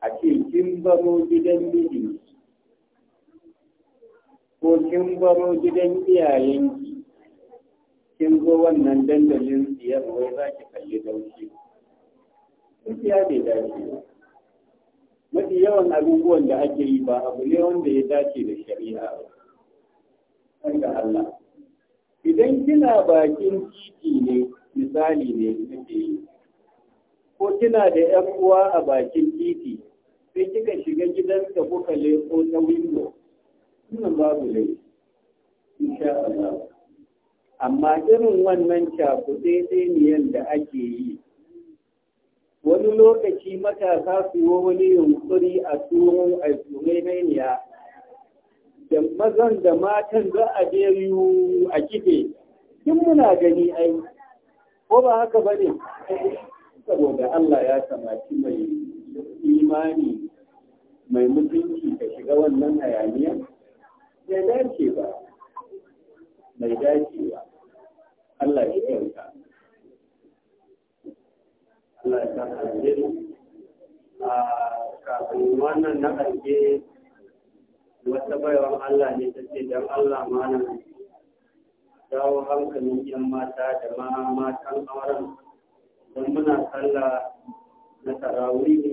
a ce kin baro gidan mijinki ko kin baro gidan iyayenki kin zo wannan dandalin siyar wai za ki kalli dauki gaskiya bai dace ba mafi yawan abubuwan da ake yi ba abu ne wanda ya dace da shari'a ba kan Allah idan kina bakin titi ne misali ne nake yi ko kina da yan uwa a bakin titi sai kika shiga gidan da kuka leko ta window sunan babu laifi insha Allah amma irin wannan cakuɗe ne da ake yi wani lokaci matasa su yi wani yunkuri a turon a turai da mazan da matan za a je a kife kin muna gani ai ko ba haka ba ne saboda Allah ya samaki mai imani mai mutunci ka shiga wannan hayaniya bai dace ba mai dace ba Allah ya kyauta Allah ya kamaci a kafin wannan na ƙarfe wata baiwan Allah ne ta ce don Allah na. dawo hankalin yan mata da ma matan auren don muna sallah na tarawih ne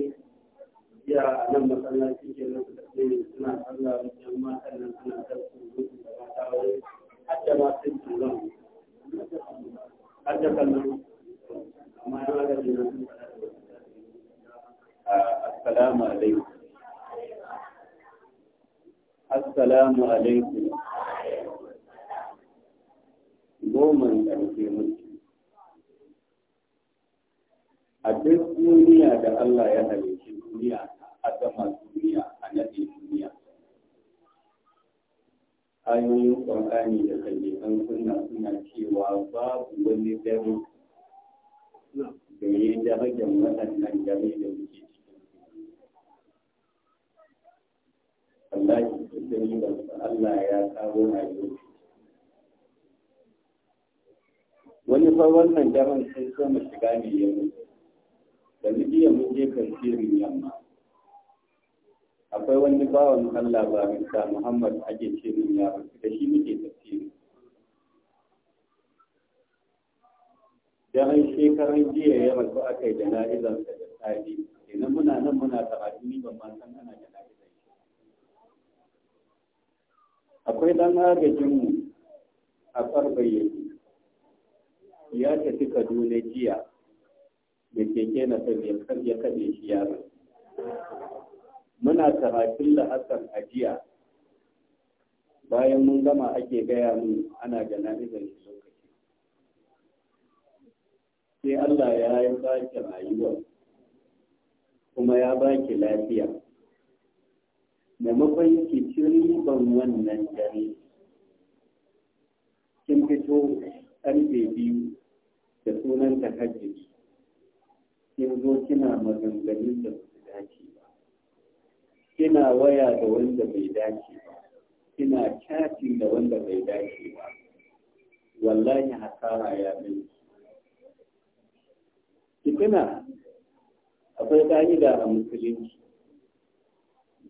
jiya a nan masallaci ke nan suka ce suna sallah yan matan nan suna tafsir zuci da mata wani har da masu tullon har da kallon amma yan agaji na sun Assalamu alaikum. Assalamu alaikum. goman ƙarfe mulki a duk duniya da Allah ya halice duniya a gama duniya a nade duniya hanyoyin ƙwarƙani da kallikan suna suna cewa babu wani dare da ya darajar waɗannan dare da muke cikin Allah ya Allah ya kawo rayuwa wani fa wannan daren sai so mu shiga ne yau da iya mu je kantirin yamma akwai wani bawan Allah ba sa Muhammad ake ce min ya da shi muke tafsiri daren shekaran jiya ya rasu aka yi sa da tsari ina muna nan muna karatu ni ban ma san ana jana'izar akwai dan mu a farbayi ya tafi kaduna jiya da keke na kan ya kaɗe shi yaron muna da Hassan a jiya bayan mun gama ake gaya mun ana jana'izar shi lokaci sai allah ya yi baki rayuwa kuma ya baki lafiya maimakon ki ci riban wannan dare kin fito karfe biyu da sunan ta hajji kin zo kina maganganun da su dace ba kina waya da wanda bai dace ba kina chatting da wanda bai dace ba wallahi hasara ya ki kina akwai ka'ida a musulunci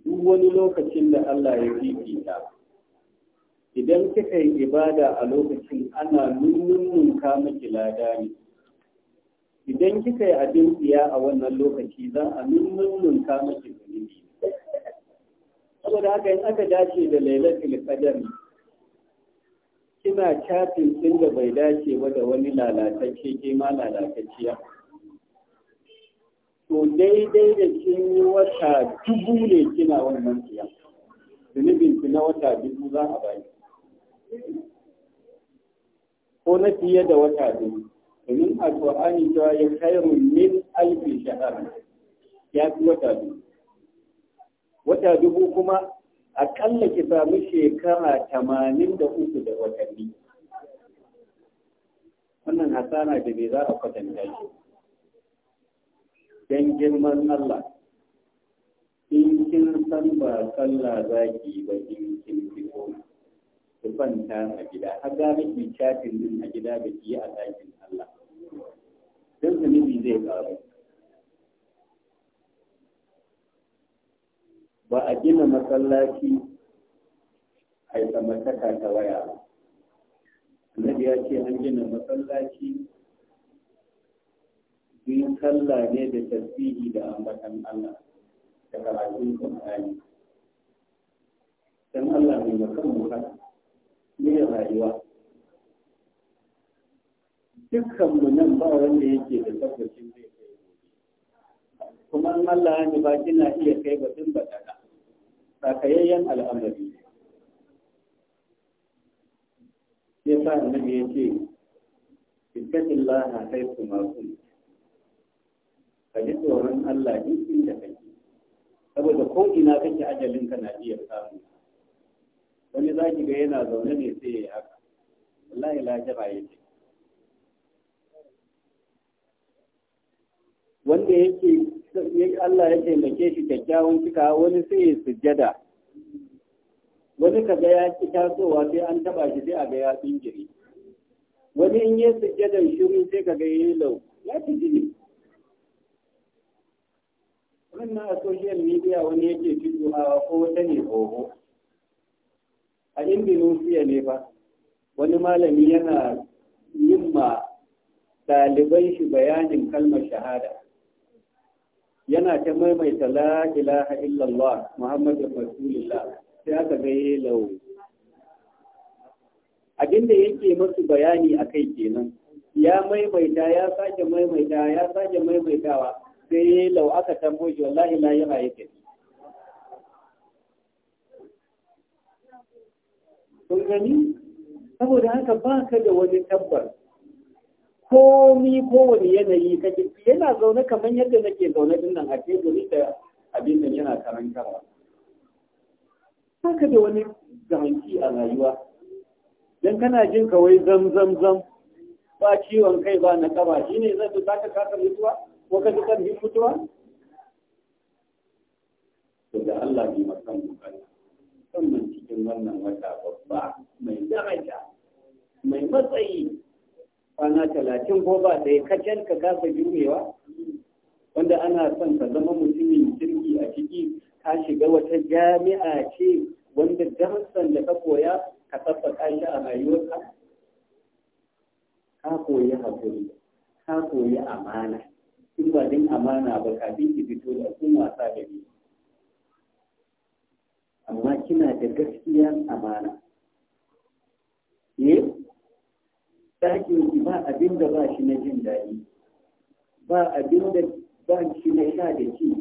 duk wani lokacin da Allah ya fifita idan kika yi ibada a lokacin ana nunnunka miki kilada ne idan kika yi abin tsiya a wannan lokaci za a nunnunka miki zunubi saboda haka in aka dace da lailatul qadar kina chatin din da bai dace ba da wani lalatacce ke ma lalatacciya to daidai da kin yi wata dubu ne kina wannan tsiya zunubin ki na wata dubu za a baki ko na fiye da wata biyu domin a ƙwa'ani cewa ya kairu min alfi shahar ya fi wata dubu wata dubu kuma aƙalla ki samu shekara tamanin da uku da watanni wannan hasana da bai za a kwatanta shi don girman Allah in kin san ba sallah zaki ba in kin fi ku kwanta a gida har ga miki chatin din a gida da yi a ɗakin Allah su zunubi zai ƙaru ba a gina masallaci a yi mataka ta waya ba annabi ya ce an gina masallaci biyu sallah ne da tasiri da ambatan Allah da karatun Qur'ani Don Allah ne makan mu haka yin rayuwa dukkan mu nan ba wanda yake da tabbacin zai kai gobe kuma in Allah ya ni ba kina iya kai batun bataka sakayayyen al'amari sai sa annabi ya ce ittaqillaha haythuma kunt ka ji tsoron Allah duk inda kake saboda ko ina kake ajalin ka na iya samu wani za ki ga yana zaune ne sai ya yi haka wallahi lahira ce wanda yake Allah ya taimake shi kyakkyawan cika wani sai ya sujjada wani kaga ya ci tasowa sai an taba shi sai a ga ya tsingiri wani in yi sujjadan shiru sai ka ya yi lau ya ci jini wannan a social media wani yake fitowa ko wata ne oho a indonesia ne ba wani malami yana yin ma ɗaliban shi bayanin kalmar shahada yana ta maimaita la ilaha illallah muhammadu rasulullah sai aka gaye lau abinda yake masu bayani a kai kenan ya maimaita ya sake maimaita ya sake maimaitawa sai lau aka tambo shi wallahi la ilaha yake kun gani saboda haka ba ka da wani tabbar komi kowane yanayi kake yana zaune kamar yadda nake zaune din a teburi da abin nan yana karantarwa ba ka da wani garanti a rayuwa dan kana jin kawai zam zam zam ba ciwon kai ba na kaba shi ne zai za ka kasa mutuwa ko ka ji kan mutuwa? Da Allah bi masan mukalla. musamman cikin wannan wata babba mai daraja mai matsayi kwana talatin ko ba da ya kacal ka kasa jurewa wanda ana son ka zama mutumin jirgi a ciki ka shiga wata jami'a ce wanda darsan da ka koya ka tsaffaka shi a rayuwarka ka koyi haƙuri ka koyi amana in ba din amana ba kafin ki fito da kun wasa da ni amma kina da gaskiya amana eh ɗakin ki ba abin da ba shi na jin daɗi ba abin da ba shi na sha da ci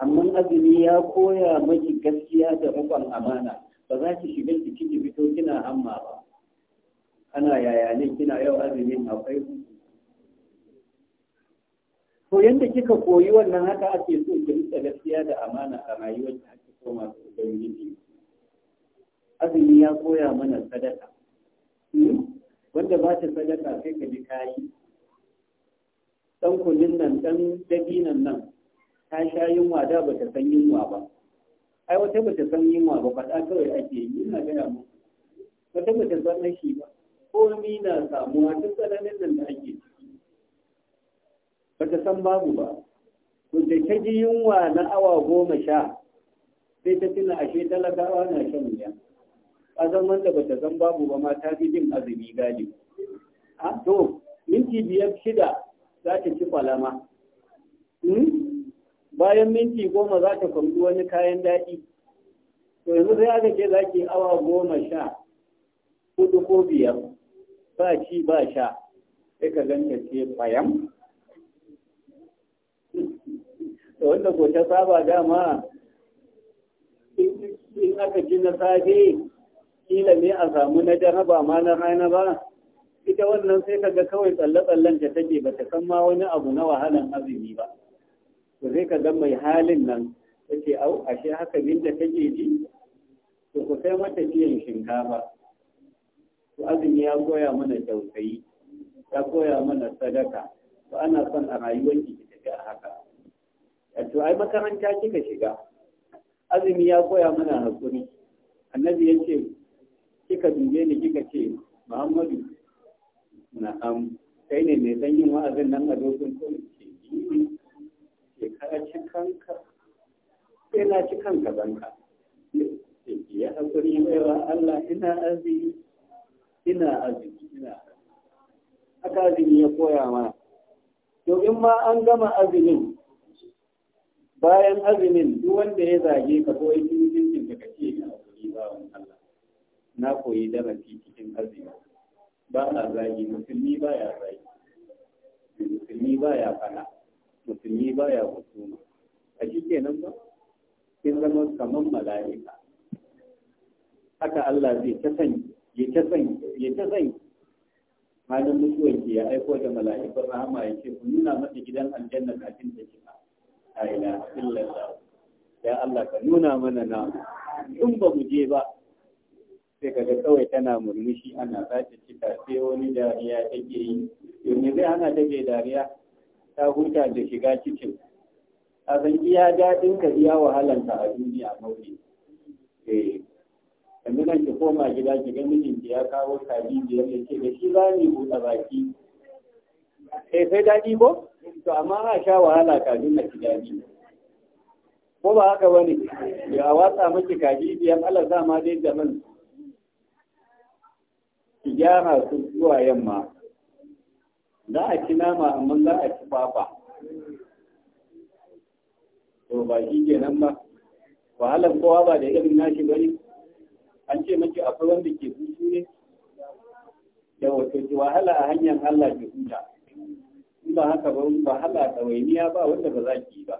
amma azumi ya koya maki gaskiya da rikon amana ba za ki shiga ciki ki fito kina hamma ba ana yaya ne kina yau azumin akwai to yanda kika koyi wannan haka ake so ki rika gaskiya da amana a rayuwarki koma ga ubangiji azumi ya koya mana sadaka wanda ba ta sadaka sai ka ji kayi dan kunin nan dan dabinan nan ta sha yunwa da ba ta san yunwa ba ai wata ba ta san yunwa ba Ba faɗa kawai ake yi ina gaya mu wata ba ta san rashi ba komi na samuwa duk tsananin nan da ake ciki ba ta san babu ba da ta ji yunwa na awa goma sha sai ta tuna ashe talakawa na shan wuya ƙasan wanda bata zan babu ba ma ta fi jin azumi gani a to minti biyar shida za ta ci kwalama hmm? bayan minti goma za ta kwamfi wani kayan daɗi to yanzu sai aka ce za ki awa goma sha hudu ko biyar ba ci ba sha sai ka ganta ce bayan. da wanda ko ta saba dama in aka ji na safe kila ne a samu na jar ba ma na rana ba ita wannan sai kaga kawai tsalle-tsallen ta take ba ta san ma wani abu na wahalan azumi ba to sai ga mai halin nan take au ashe haka binta take ji to ku sai mata ciyin shinkafa to azumi ya koya mana tausayi ya koya mana sadaka to ana son a rayuwar ki tafi a haka to ai makaranta kika shiga azumi ya koya mana hakuri annabi ya ce kika dube ni kika ce muhammadu na'am kai ne mai san yin wa'azin nan a dokin ko ce yi ce ka ci kanka sai na ci kanka banka ya hakuri wa Allah ina azumi ina azumi ina azumi haka azumi ya koya mana to in ma an gama azumin bayan azumin duk wanda ya zage ka ko yi mutuncin ka kace a wuri ba wani Allah na koyi darasi cikin azumi ba a zagi musulmi ba ya zagi musulmi ba ya fada musulmi ba ya husuma a shi kenan ba kin zama kamar mala'ika haka Allah zai ta sanya ya ta sanya ya ta sanya halin mutuwanki ya aiko da mala'ikun rahama ya ce ku nuna masa gidan aljanna kafin da shiga la ilaha illallah ya Allah ka nuna mana na in ba mu je ba sai kaga kawai tana murmushi ana sace cika sai wani dariya take yi yanzu zai hana take dariya ta huta da shiga cikin a san iya daɗin ka iya wahalanta a duniya mauli eh yanzu nan ki koma gida ki ga mijinki ya kawo kaji da ya ce da shi ba ni buɗe baki sai eh, sai daɗi ko to amma ha sha wahala kafin na kidaji ko ba haka bane ya watsa miki kaji biyan Allah za ma dai da man ki su zuwa yamma za a ci nama amma za a ci fafa to ba shi kenan ba wahalar kowa ba da irin nashi bane an ce miki akwai wanda ke hutu ne da wato wahala a hanyar Allah ke huta ba haka ba ba hala ɗawainiya ba wanda ba za ki yi ba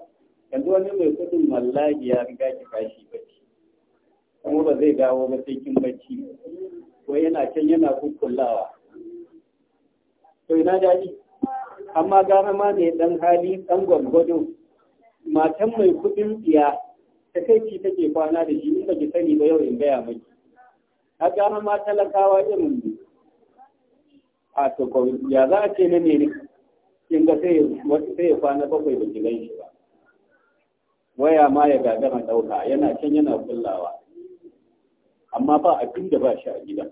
yanzu wani mai kudin mallaki ya riga ki kashi bacci kuma ba zai dawo ba sai kin bacci ko yana can yana kukkullawa to ina daɗi amma gara ma ne dan hali dan gwalgwado matan mai kudin tsiya ta kai ki take kwana da shi in ba ki sani ba yau in gaya maki a gara ma talakawa irin ne a to ya za a ce na ne ne kin ga sai ya kwana bakwai da gidan shi ba waya ma ya gagara ɗauka yana can yana kullawa amma ba abin da ba shi a gida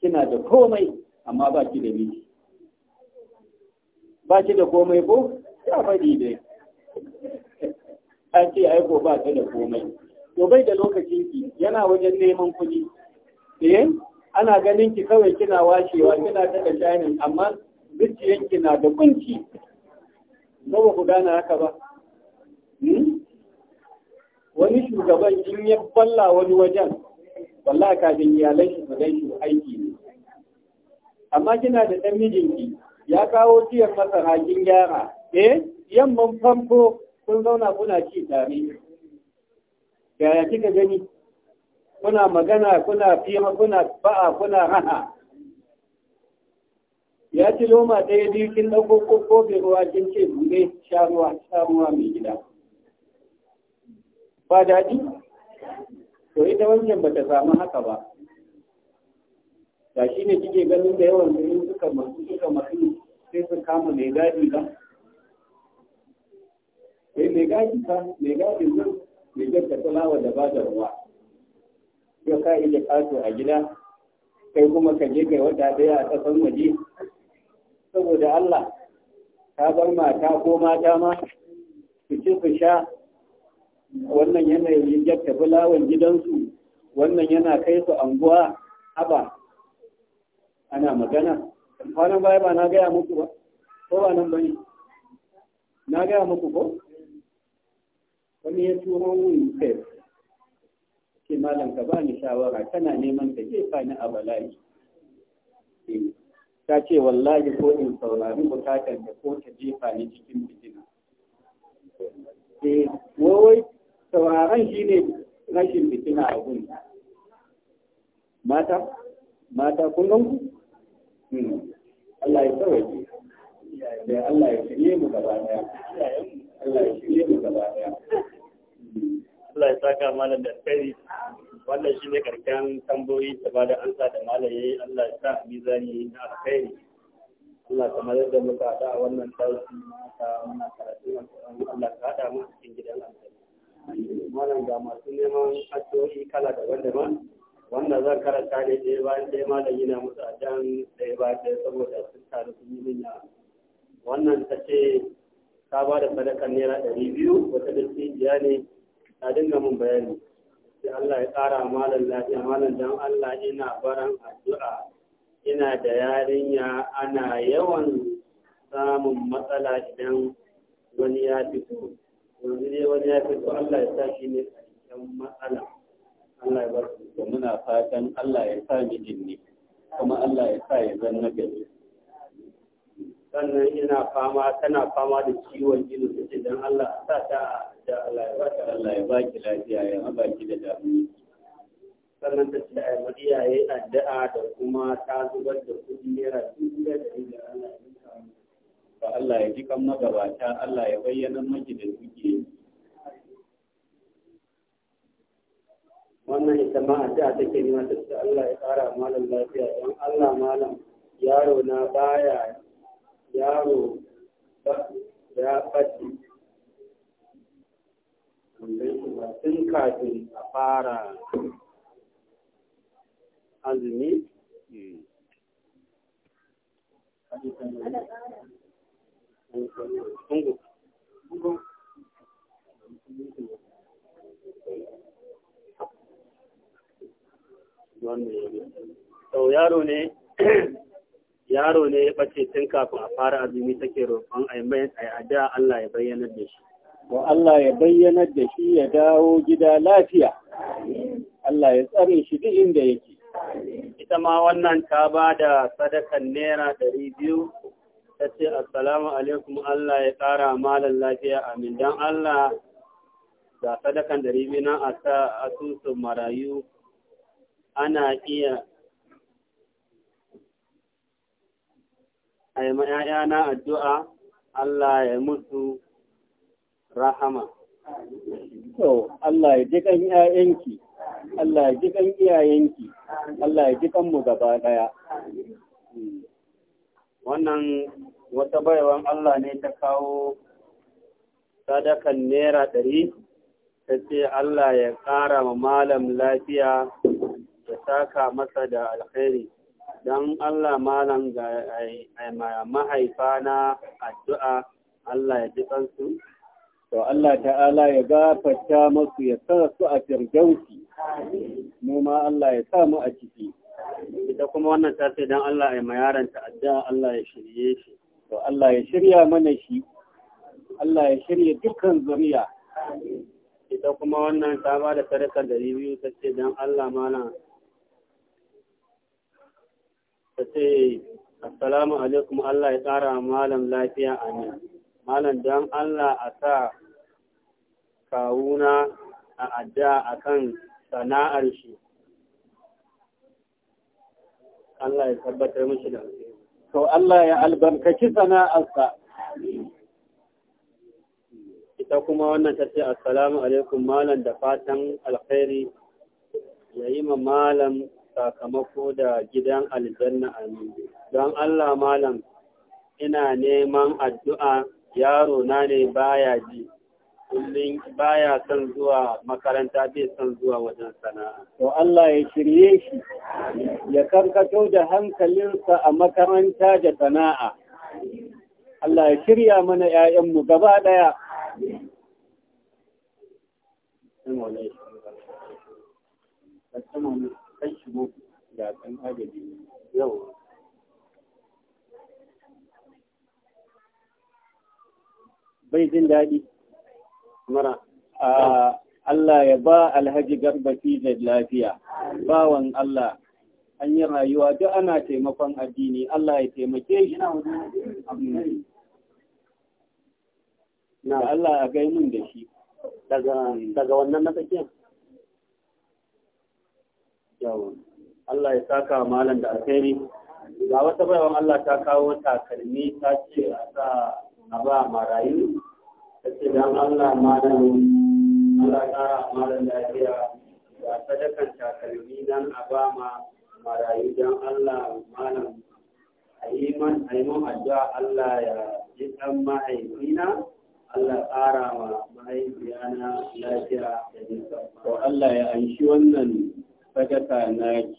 kina da komai amma ba ki da miji ba ki da komai ko ya faɗi dai ta ce aiko ba ta da komai to bai da lokacin ki yana wajen neman kuɗi eh ana ganin ki kawai kina washewa kina daga shanin amma zuciyanki na da kunci ba ba ku gane haka ba hmm? wani shugaban in ya balla wani wajen balla kafin iyalai shi gan shi aiki ne amma kina da ɗan mijinki ya kawo tiyan masara kin gyara eh yamman famfo kun zauna kuna ci tare yaya kika gani kuna magana kuna fira kuna ba'a kuna hana ya ci loma ɗaya biyu kin ɗauko kofin ruwa kin ce buɗe sha ruwa sha ruwa mai gida ba daɗi to ita wancan ba ta samu haka ba ga shi ne kike ganin da yawan su suka masu suka masu sai su kama mai gadi ba sai mai gadi ba mai gadi ba mai jarka tulawa da ba da ruwa ya ka iya ƙato a gida kai kuma ka je kai wata ɗaya a ƙasar waje saboda Allah ta bar mata ko mata ma su ci su sha wannan yana yin jakka fulawan gidansu wannan yana kai su anguwa haba ana magana kwanan baya ba na gaya muku ba ko ba nan bane na gaya muku ko wani ya turo wuri kai ke malam ka ba ni shawara kana neman ka jefa ni a bala'i eh. ta ce wallahi ko in saurari bukatar da ko ta jefa ni cikin fitina eh wai sauraron ne rashin fitina a gun mata mata kun gan ku hmm. Allah ya tsawaye da Allah ya shirye mu gaba daya Allah ya shirye mu gaba daya hmm. Allah ya saka malam da tsari wannan shi ne karshen tambayoyi da ba da ansa da malaye Allah ya sa mizani na alkhairi Suna kamar yadda muka haɗa a wannan ɗauki ta muna karatun Allah ka haɗa mu cikin gidan alkhairi wannan ga masu neman addu'o'i kala daban-daban wanda zan karanta ne ɗaya bayan ɗaya malami na musu a can ɗaya bayan ɗaya saboda sun taru sun yi min wannan ta ce ta ba da sadakar naira ɗari biyu wata da ne ta dinga mun bayani da Allah ya ƙara malam lafiya malam don Allah ina baran addu'a ina da yarinya ana yawan samun matsala idan wani ya fito yanzu ne wani ya fito Allah ya sa shi ne cikin matsala Allah ya bar da muna fatan Allah ya sa mijin kuma Allah ya sa ya zanna gari sannan ina fama tana fama da ciwon ido idan Allah ya sa ta Allah ya baka Allah ya baki lafiya ya baki da damuwa sannan ta ce a yi iyaye addu'a da kuma ta zubar da kuɗi naira dubu da ɗari da Allah ya samu ba Allah ya ji kan magabata Allah ya bayyana maki da duke wannan ita ma addu'a take nema ta ce Allah ya ƙara malam lafiya don Allah malam yaro na baya yaro ya faɗi tun kafin a fara azumi sau yaro ne yaro ne ya ɓace tun kafin a fara azumi take roƙon a yi addu'a Allah ya bayyana da shi Wa Allah ya bayyanar da shi ya dawo gida lafiya Allah ya tsare shi duk inda yake ita ma wannan ta ba da sadakan naira ɗari biyu ta ce assalamu alaikum Allah ya ƙara malan lafiya amin don Allah da sadakan ɗari biyu nan asusun marayu ana iya a yi na addu'a Allah ya mutu rahama to Allah ya ji kan iyayenki Allah ya ji kan iyayenki Allah ya ji kan mu gaba daya wannan wata baiwan Allah ne ta kawo sadakan naira ɗari ta ce Allah ya ƙara ma malam lafiya ya saka masa da alkhairi don Allah malam ga mahaifa na addu'a Allah ya ji kansu to Allah ta'ala ya gafarta masu ya sa su a firgausi mu ma Allah ya sa mu a ciki ita kuma wannan ta ce dan Allah ya mayaran ta'adda Allah ya shirye shi to Allah ya shirya mana shi Allah ya shirya dukkan zuriya ita kuma wannan ta ba da sadaka da biyu ta ce dan Allah mana ta ce assalamu alaikum Allah ya tsara malam lafiya amin malam don Allah a sa kawuna a adda a kan sana'ar shi Allah ya tabbatar mashi da to Allah ya albarkaci sana'arsa ita kuma wannan ta ce assalamu alaikum malam da fatan alkhairi ya yi ma malam sakamako da gidan aljanna amin don Allah malam ina neman addu'a yaro na ne baya ji kullum baya son zuwa makaranta bai son zuwa wajen sana'a to Allah ya shirye shi ya karkato da hankalinsa a makaranta da sana'a Allah ya shirya mana ƴaƴanmu gaba ɗaya yau bai jin daɗi mara Allah ya ba alhaji garbafi da lafiya bawan Allah an yi rayuwa duk ana taimakon addini Allah ya taimake shi na Allah a gai mun da shi daga wannan na tsakiyar Allah ya saka malam da alheri ga wata bayan Allah ta kawo takalmi ta ce a sa a ba marayu ta ce don Allah malamin Allah ƙara malam lafiya ga kan takalmi don a ba ma marayu don Allah malam a yi man addu'a Allah ya ji ɗan mahaifina Allah ƙara ma mahaifiyana lafiya da jinsa. To Allah ya anshi wannan sadaka na ki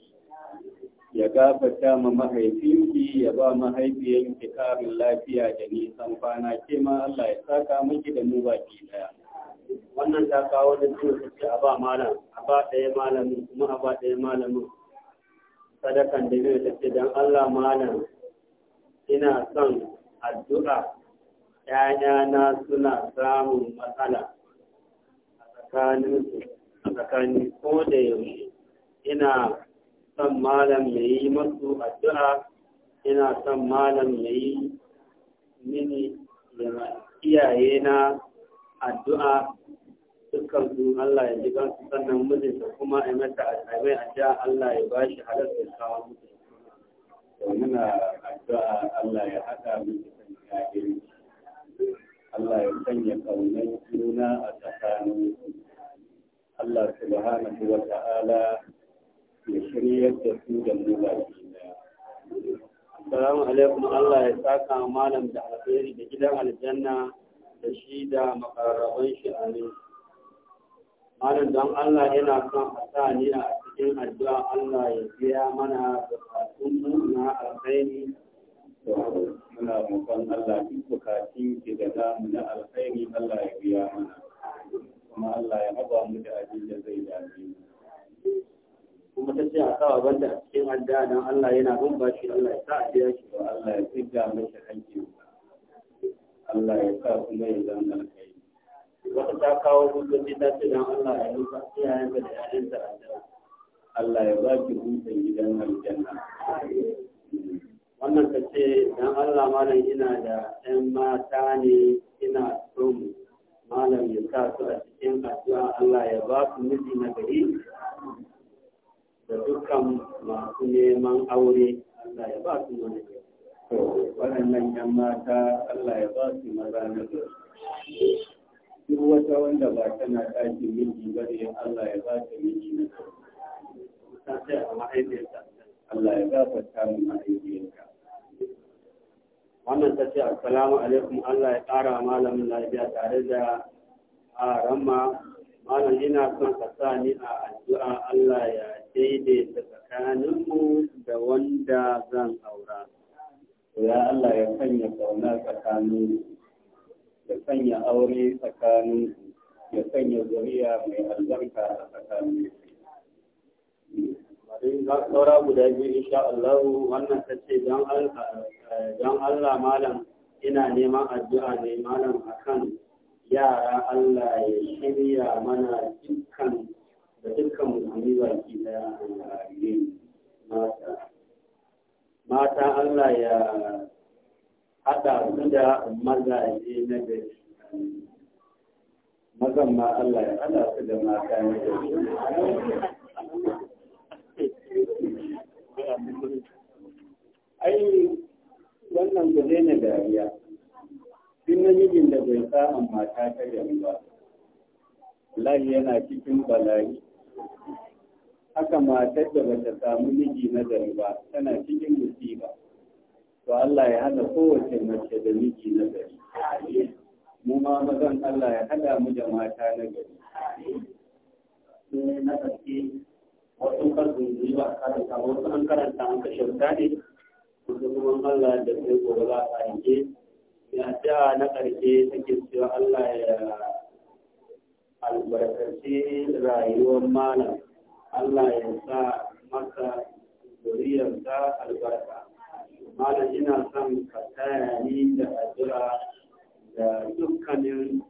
ya gafata ma mahaifinki ya ba mahaifiyar karin lafiya da nisan kwana ke ma Allah ya saka miki da mu baki daya wannan ta kawo da cikin a ba malam a ba ɗaya malamin kuma a ba ɗaya malamin sadakan da zai tafi don Allah malam ina son addu'a ‘ya'yana suna samun matsala a tsakanin ko da yaushe ina son malam ya yi masu addu'a ina son malam ya yi mini iyaye na addu'a dukkan su Allah ya ji gansu sannan mijinta kuma a mata a mai addu'a Allah ya ba shi halar da kawo mutu. Muna addu'a Allah ya haɗa miki kan yayin Allah ya sanya kaunar juna a tsakanin Allah subhanahu wa ta'ala ya shiryar da su da mu baki assalamu alaikum Allah ya saka malam da alheri da gidan aljanna da shi da makararraban shi amin malam don Allah yana son a sa ni a cikin addu'a Allah ya biya mana bukatunmu na alkhairi da muna roƙon Allah duk bukatun ki da na alkhairi Allah ya biya mana kuma Allah ya haɓa mu da abin da zai dafe. mu kuma ta ce a kawo banda a cikin addu'a dan Allah yana bin bashi Allah ya sa a biya shi ba Allah ya tsiga mashi hanki Allah ya sa kuma ya zama alkai wata ta kawo hujjoji ta ce don Allah ya yi iyayen da yayin ta addu'a Allah ya ba ki hutun gidan aljanna wannan ta ce don Allah malam ina da ɗan mata ne ina son malam ya sa su a cikin addu'a Allah ya ba ku miji na gari da dukkan masu neman aure Allah ya ba su to waɗannan ‘yan mata Allah ya ba su maza na duk wata wanda ba tana ɗaki miji ba ne Allah ya ba su miji na ta sai a mahaifiyarta Allah ya gafarta mu mahaifiyarka wannan ta ce assalamu alaikum Allah ya ƙara malamin lafiya tare da a ramma malam ina son ka sa ni a addu'a Allah ya daidaita tsakaninmu da wanda zan aura. Ya Allah ya sanya ƙauna tsakaninku, ya sanya aure tsakaninku, ya sanya zuriya mai albarka a tsakaninku. Saura guda biyu insha Allah wannan ta ce don Allah malam ina neman addu'a ne malam akan yara Allah ya shirya mana dukkan da dukkan musulmi baki daya a mata mata Allah ya haɗa su da mazaje na gari mazan ma Allah ya haɗa su da mata na gari ai wannan ku daina dariya duk namijin da bai sa mata ta gari ba Allah yana cikin bala'i haka matar da bata samu miji nazari ba tana cikin musiba to Allah ya hada kowace mace da miji nazari. mu ma mazan Allah ya hada mu da mata na gari na gaske wasu karfin yi ba karanta wasu an karanta an kashe wuta ne wasu kuma Allah da sai gobe za a rike ya da na ƙarshe take cewa Allah ya albarkaci rayuwar malam Allah ya sa masa zuriyarsa albarka malam ina son ka taya ni da addu'a da dukkanin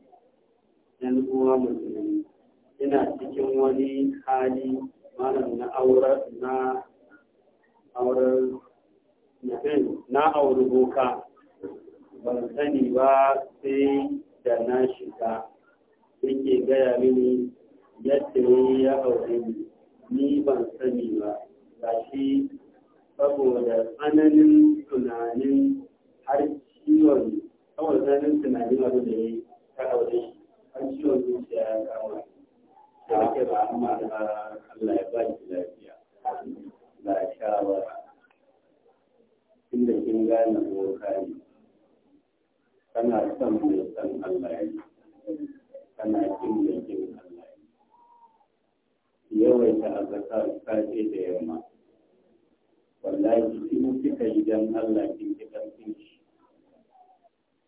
yan uwa musulmi ina cikin wani hali malam na aurar na aurar na auri boka ban sani ba sai da na shiga yake gaya mini yadda ya aure ni ni ban sani ba gashi saboda tsananin tunanin har ciwon saboda tsananin tunanin abin da ya ta aure shi har ciwon zuciya ya kama da ake ba amma Allah ya ba shi lafiya ba shawara inda kin gane boka ne kana son mai san Allah ya yi kana jin da Allah Allah yawaita azkar safe da yamma wallahi in kika yi dan Allah kin ki karfin shi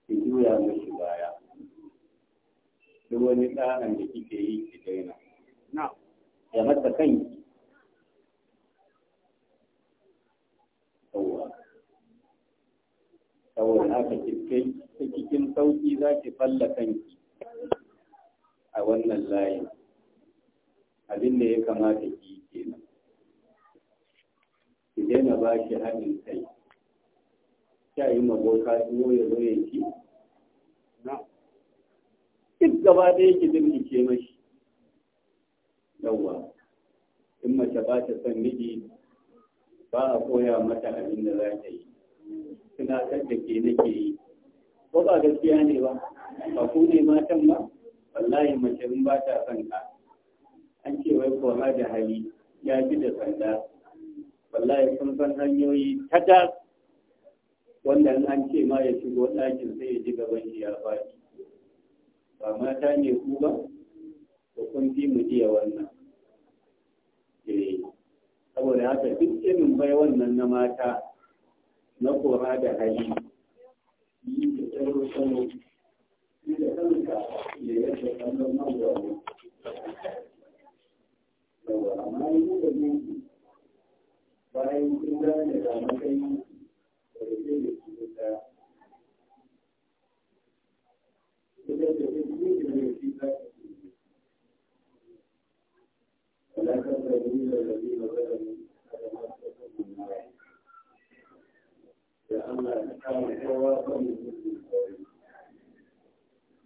ki juya mishi baya duk wani tsarin da kike yi ki daina na ya mata kanki saboda haka cikin sauki za ki falla kanki a wannan layin, abin da ya kamata ki kenan ki daina ba shi haɗin kai ya yi maboka tuwo ya zo ya ci na duk gaba ɗaya ki dirgice mashi yawwa in mace ba ta son miji ba a koya mata abin da za ta yi tunatar da ke nake yi ko ba gaskiya ne ba ba ku ne matan ba wallahi mace in ba ta son ka an ce wai kora da hali ya fi da sanda wallahi sun san hanyoyi tata. wanda an ce ma ya shigo ɗakin sai ya ji gaban shi ya faɗi ba mata ne ku ba ko kun fi mu jiya wannan eh, saboda haka duk irin bai wannan na mata na kora da hali yi da tsaro tsaro da tsaro bayan kun gane da matsayin da ke da su da ita da ke cikin da ke fi za ka ce Allah ya kama kowa kan mutum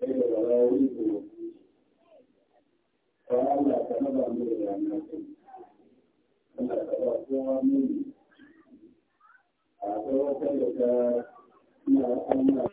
sai da wala wuri da wuri ta mu ta ina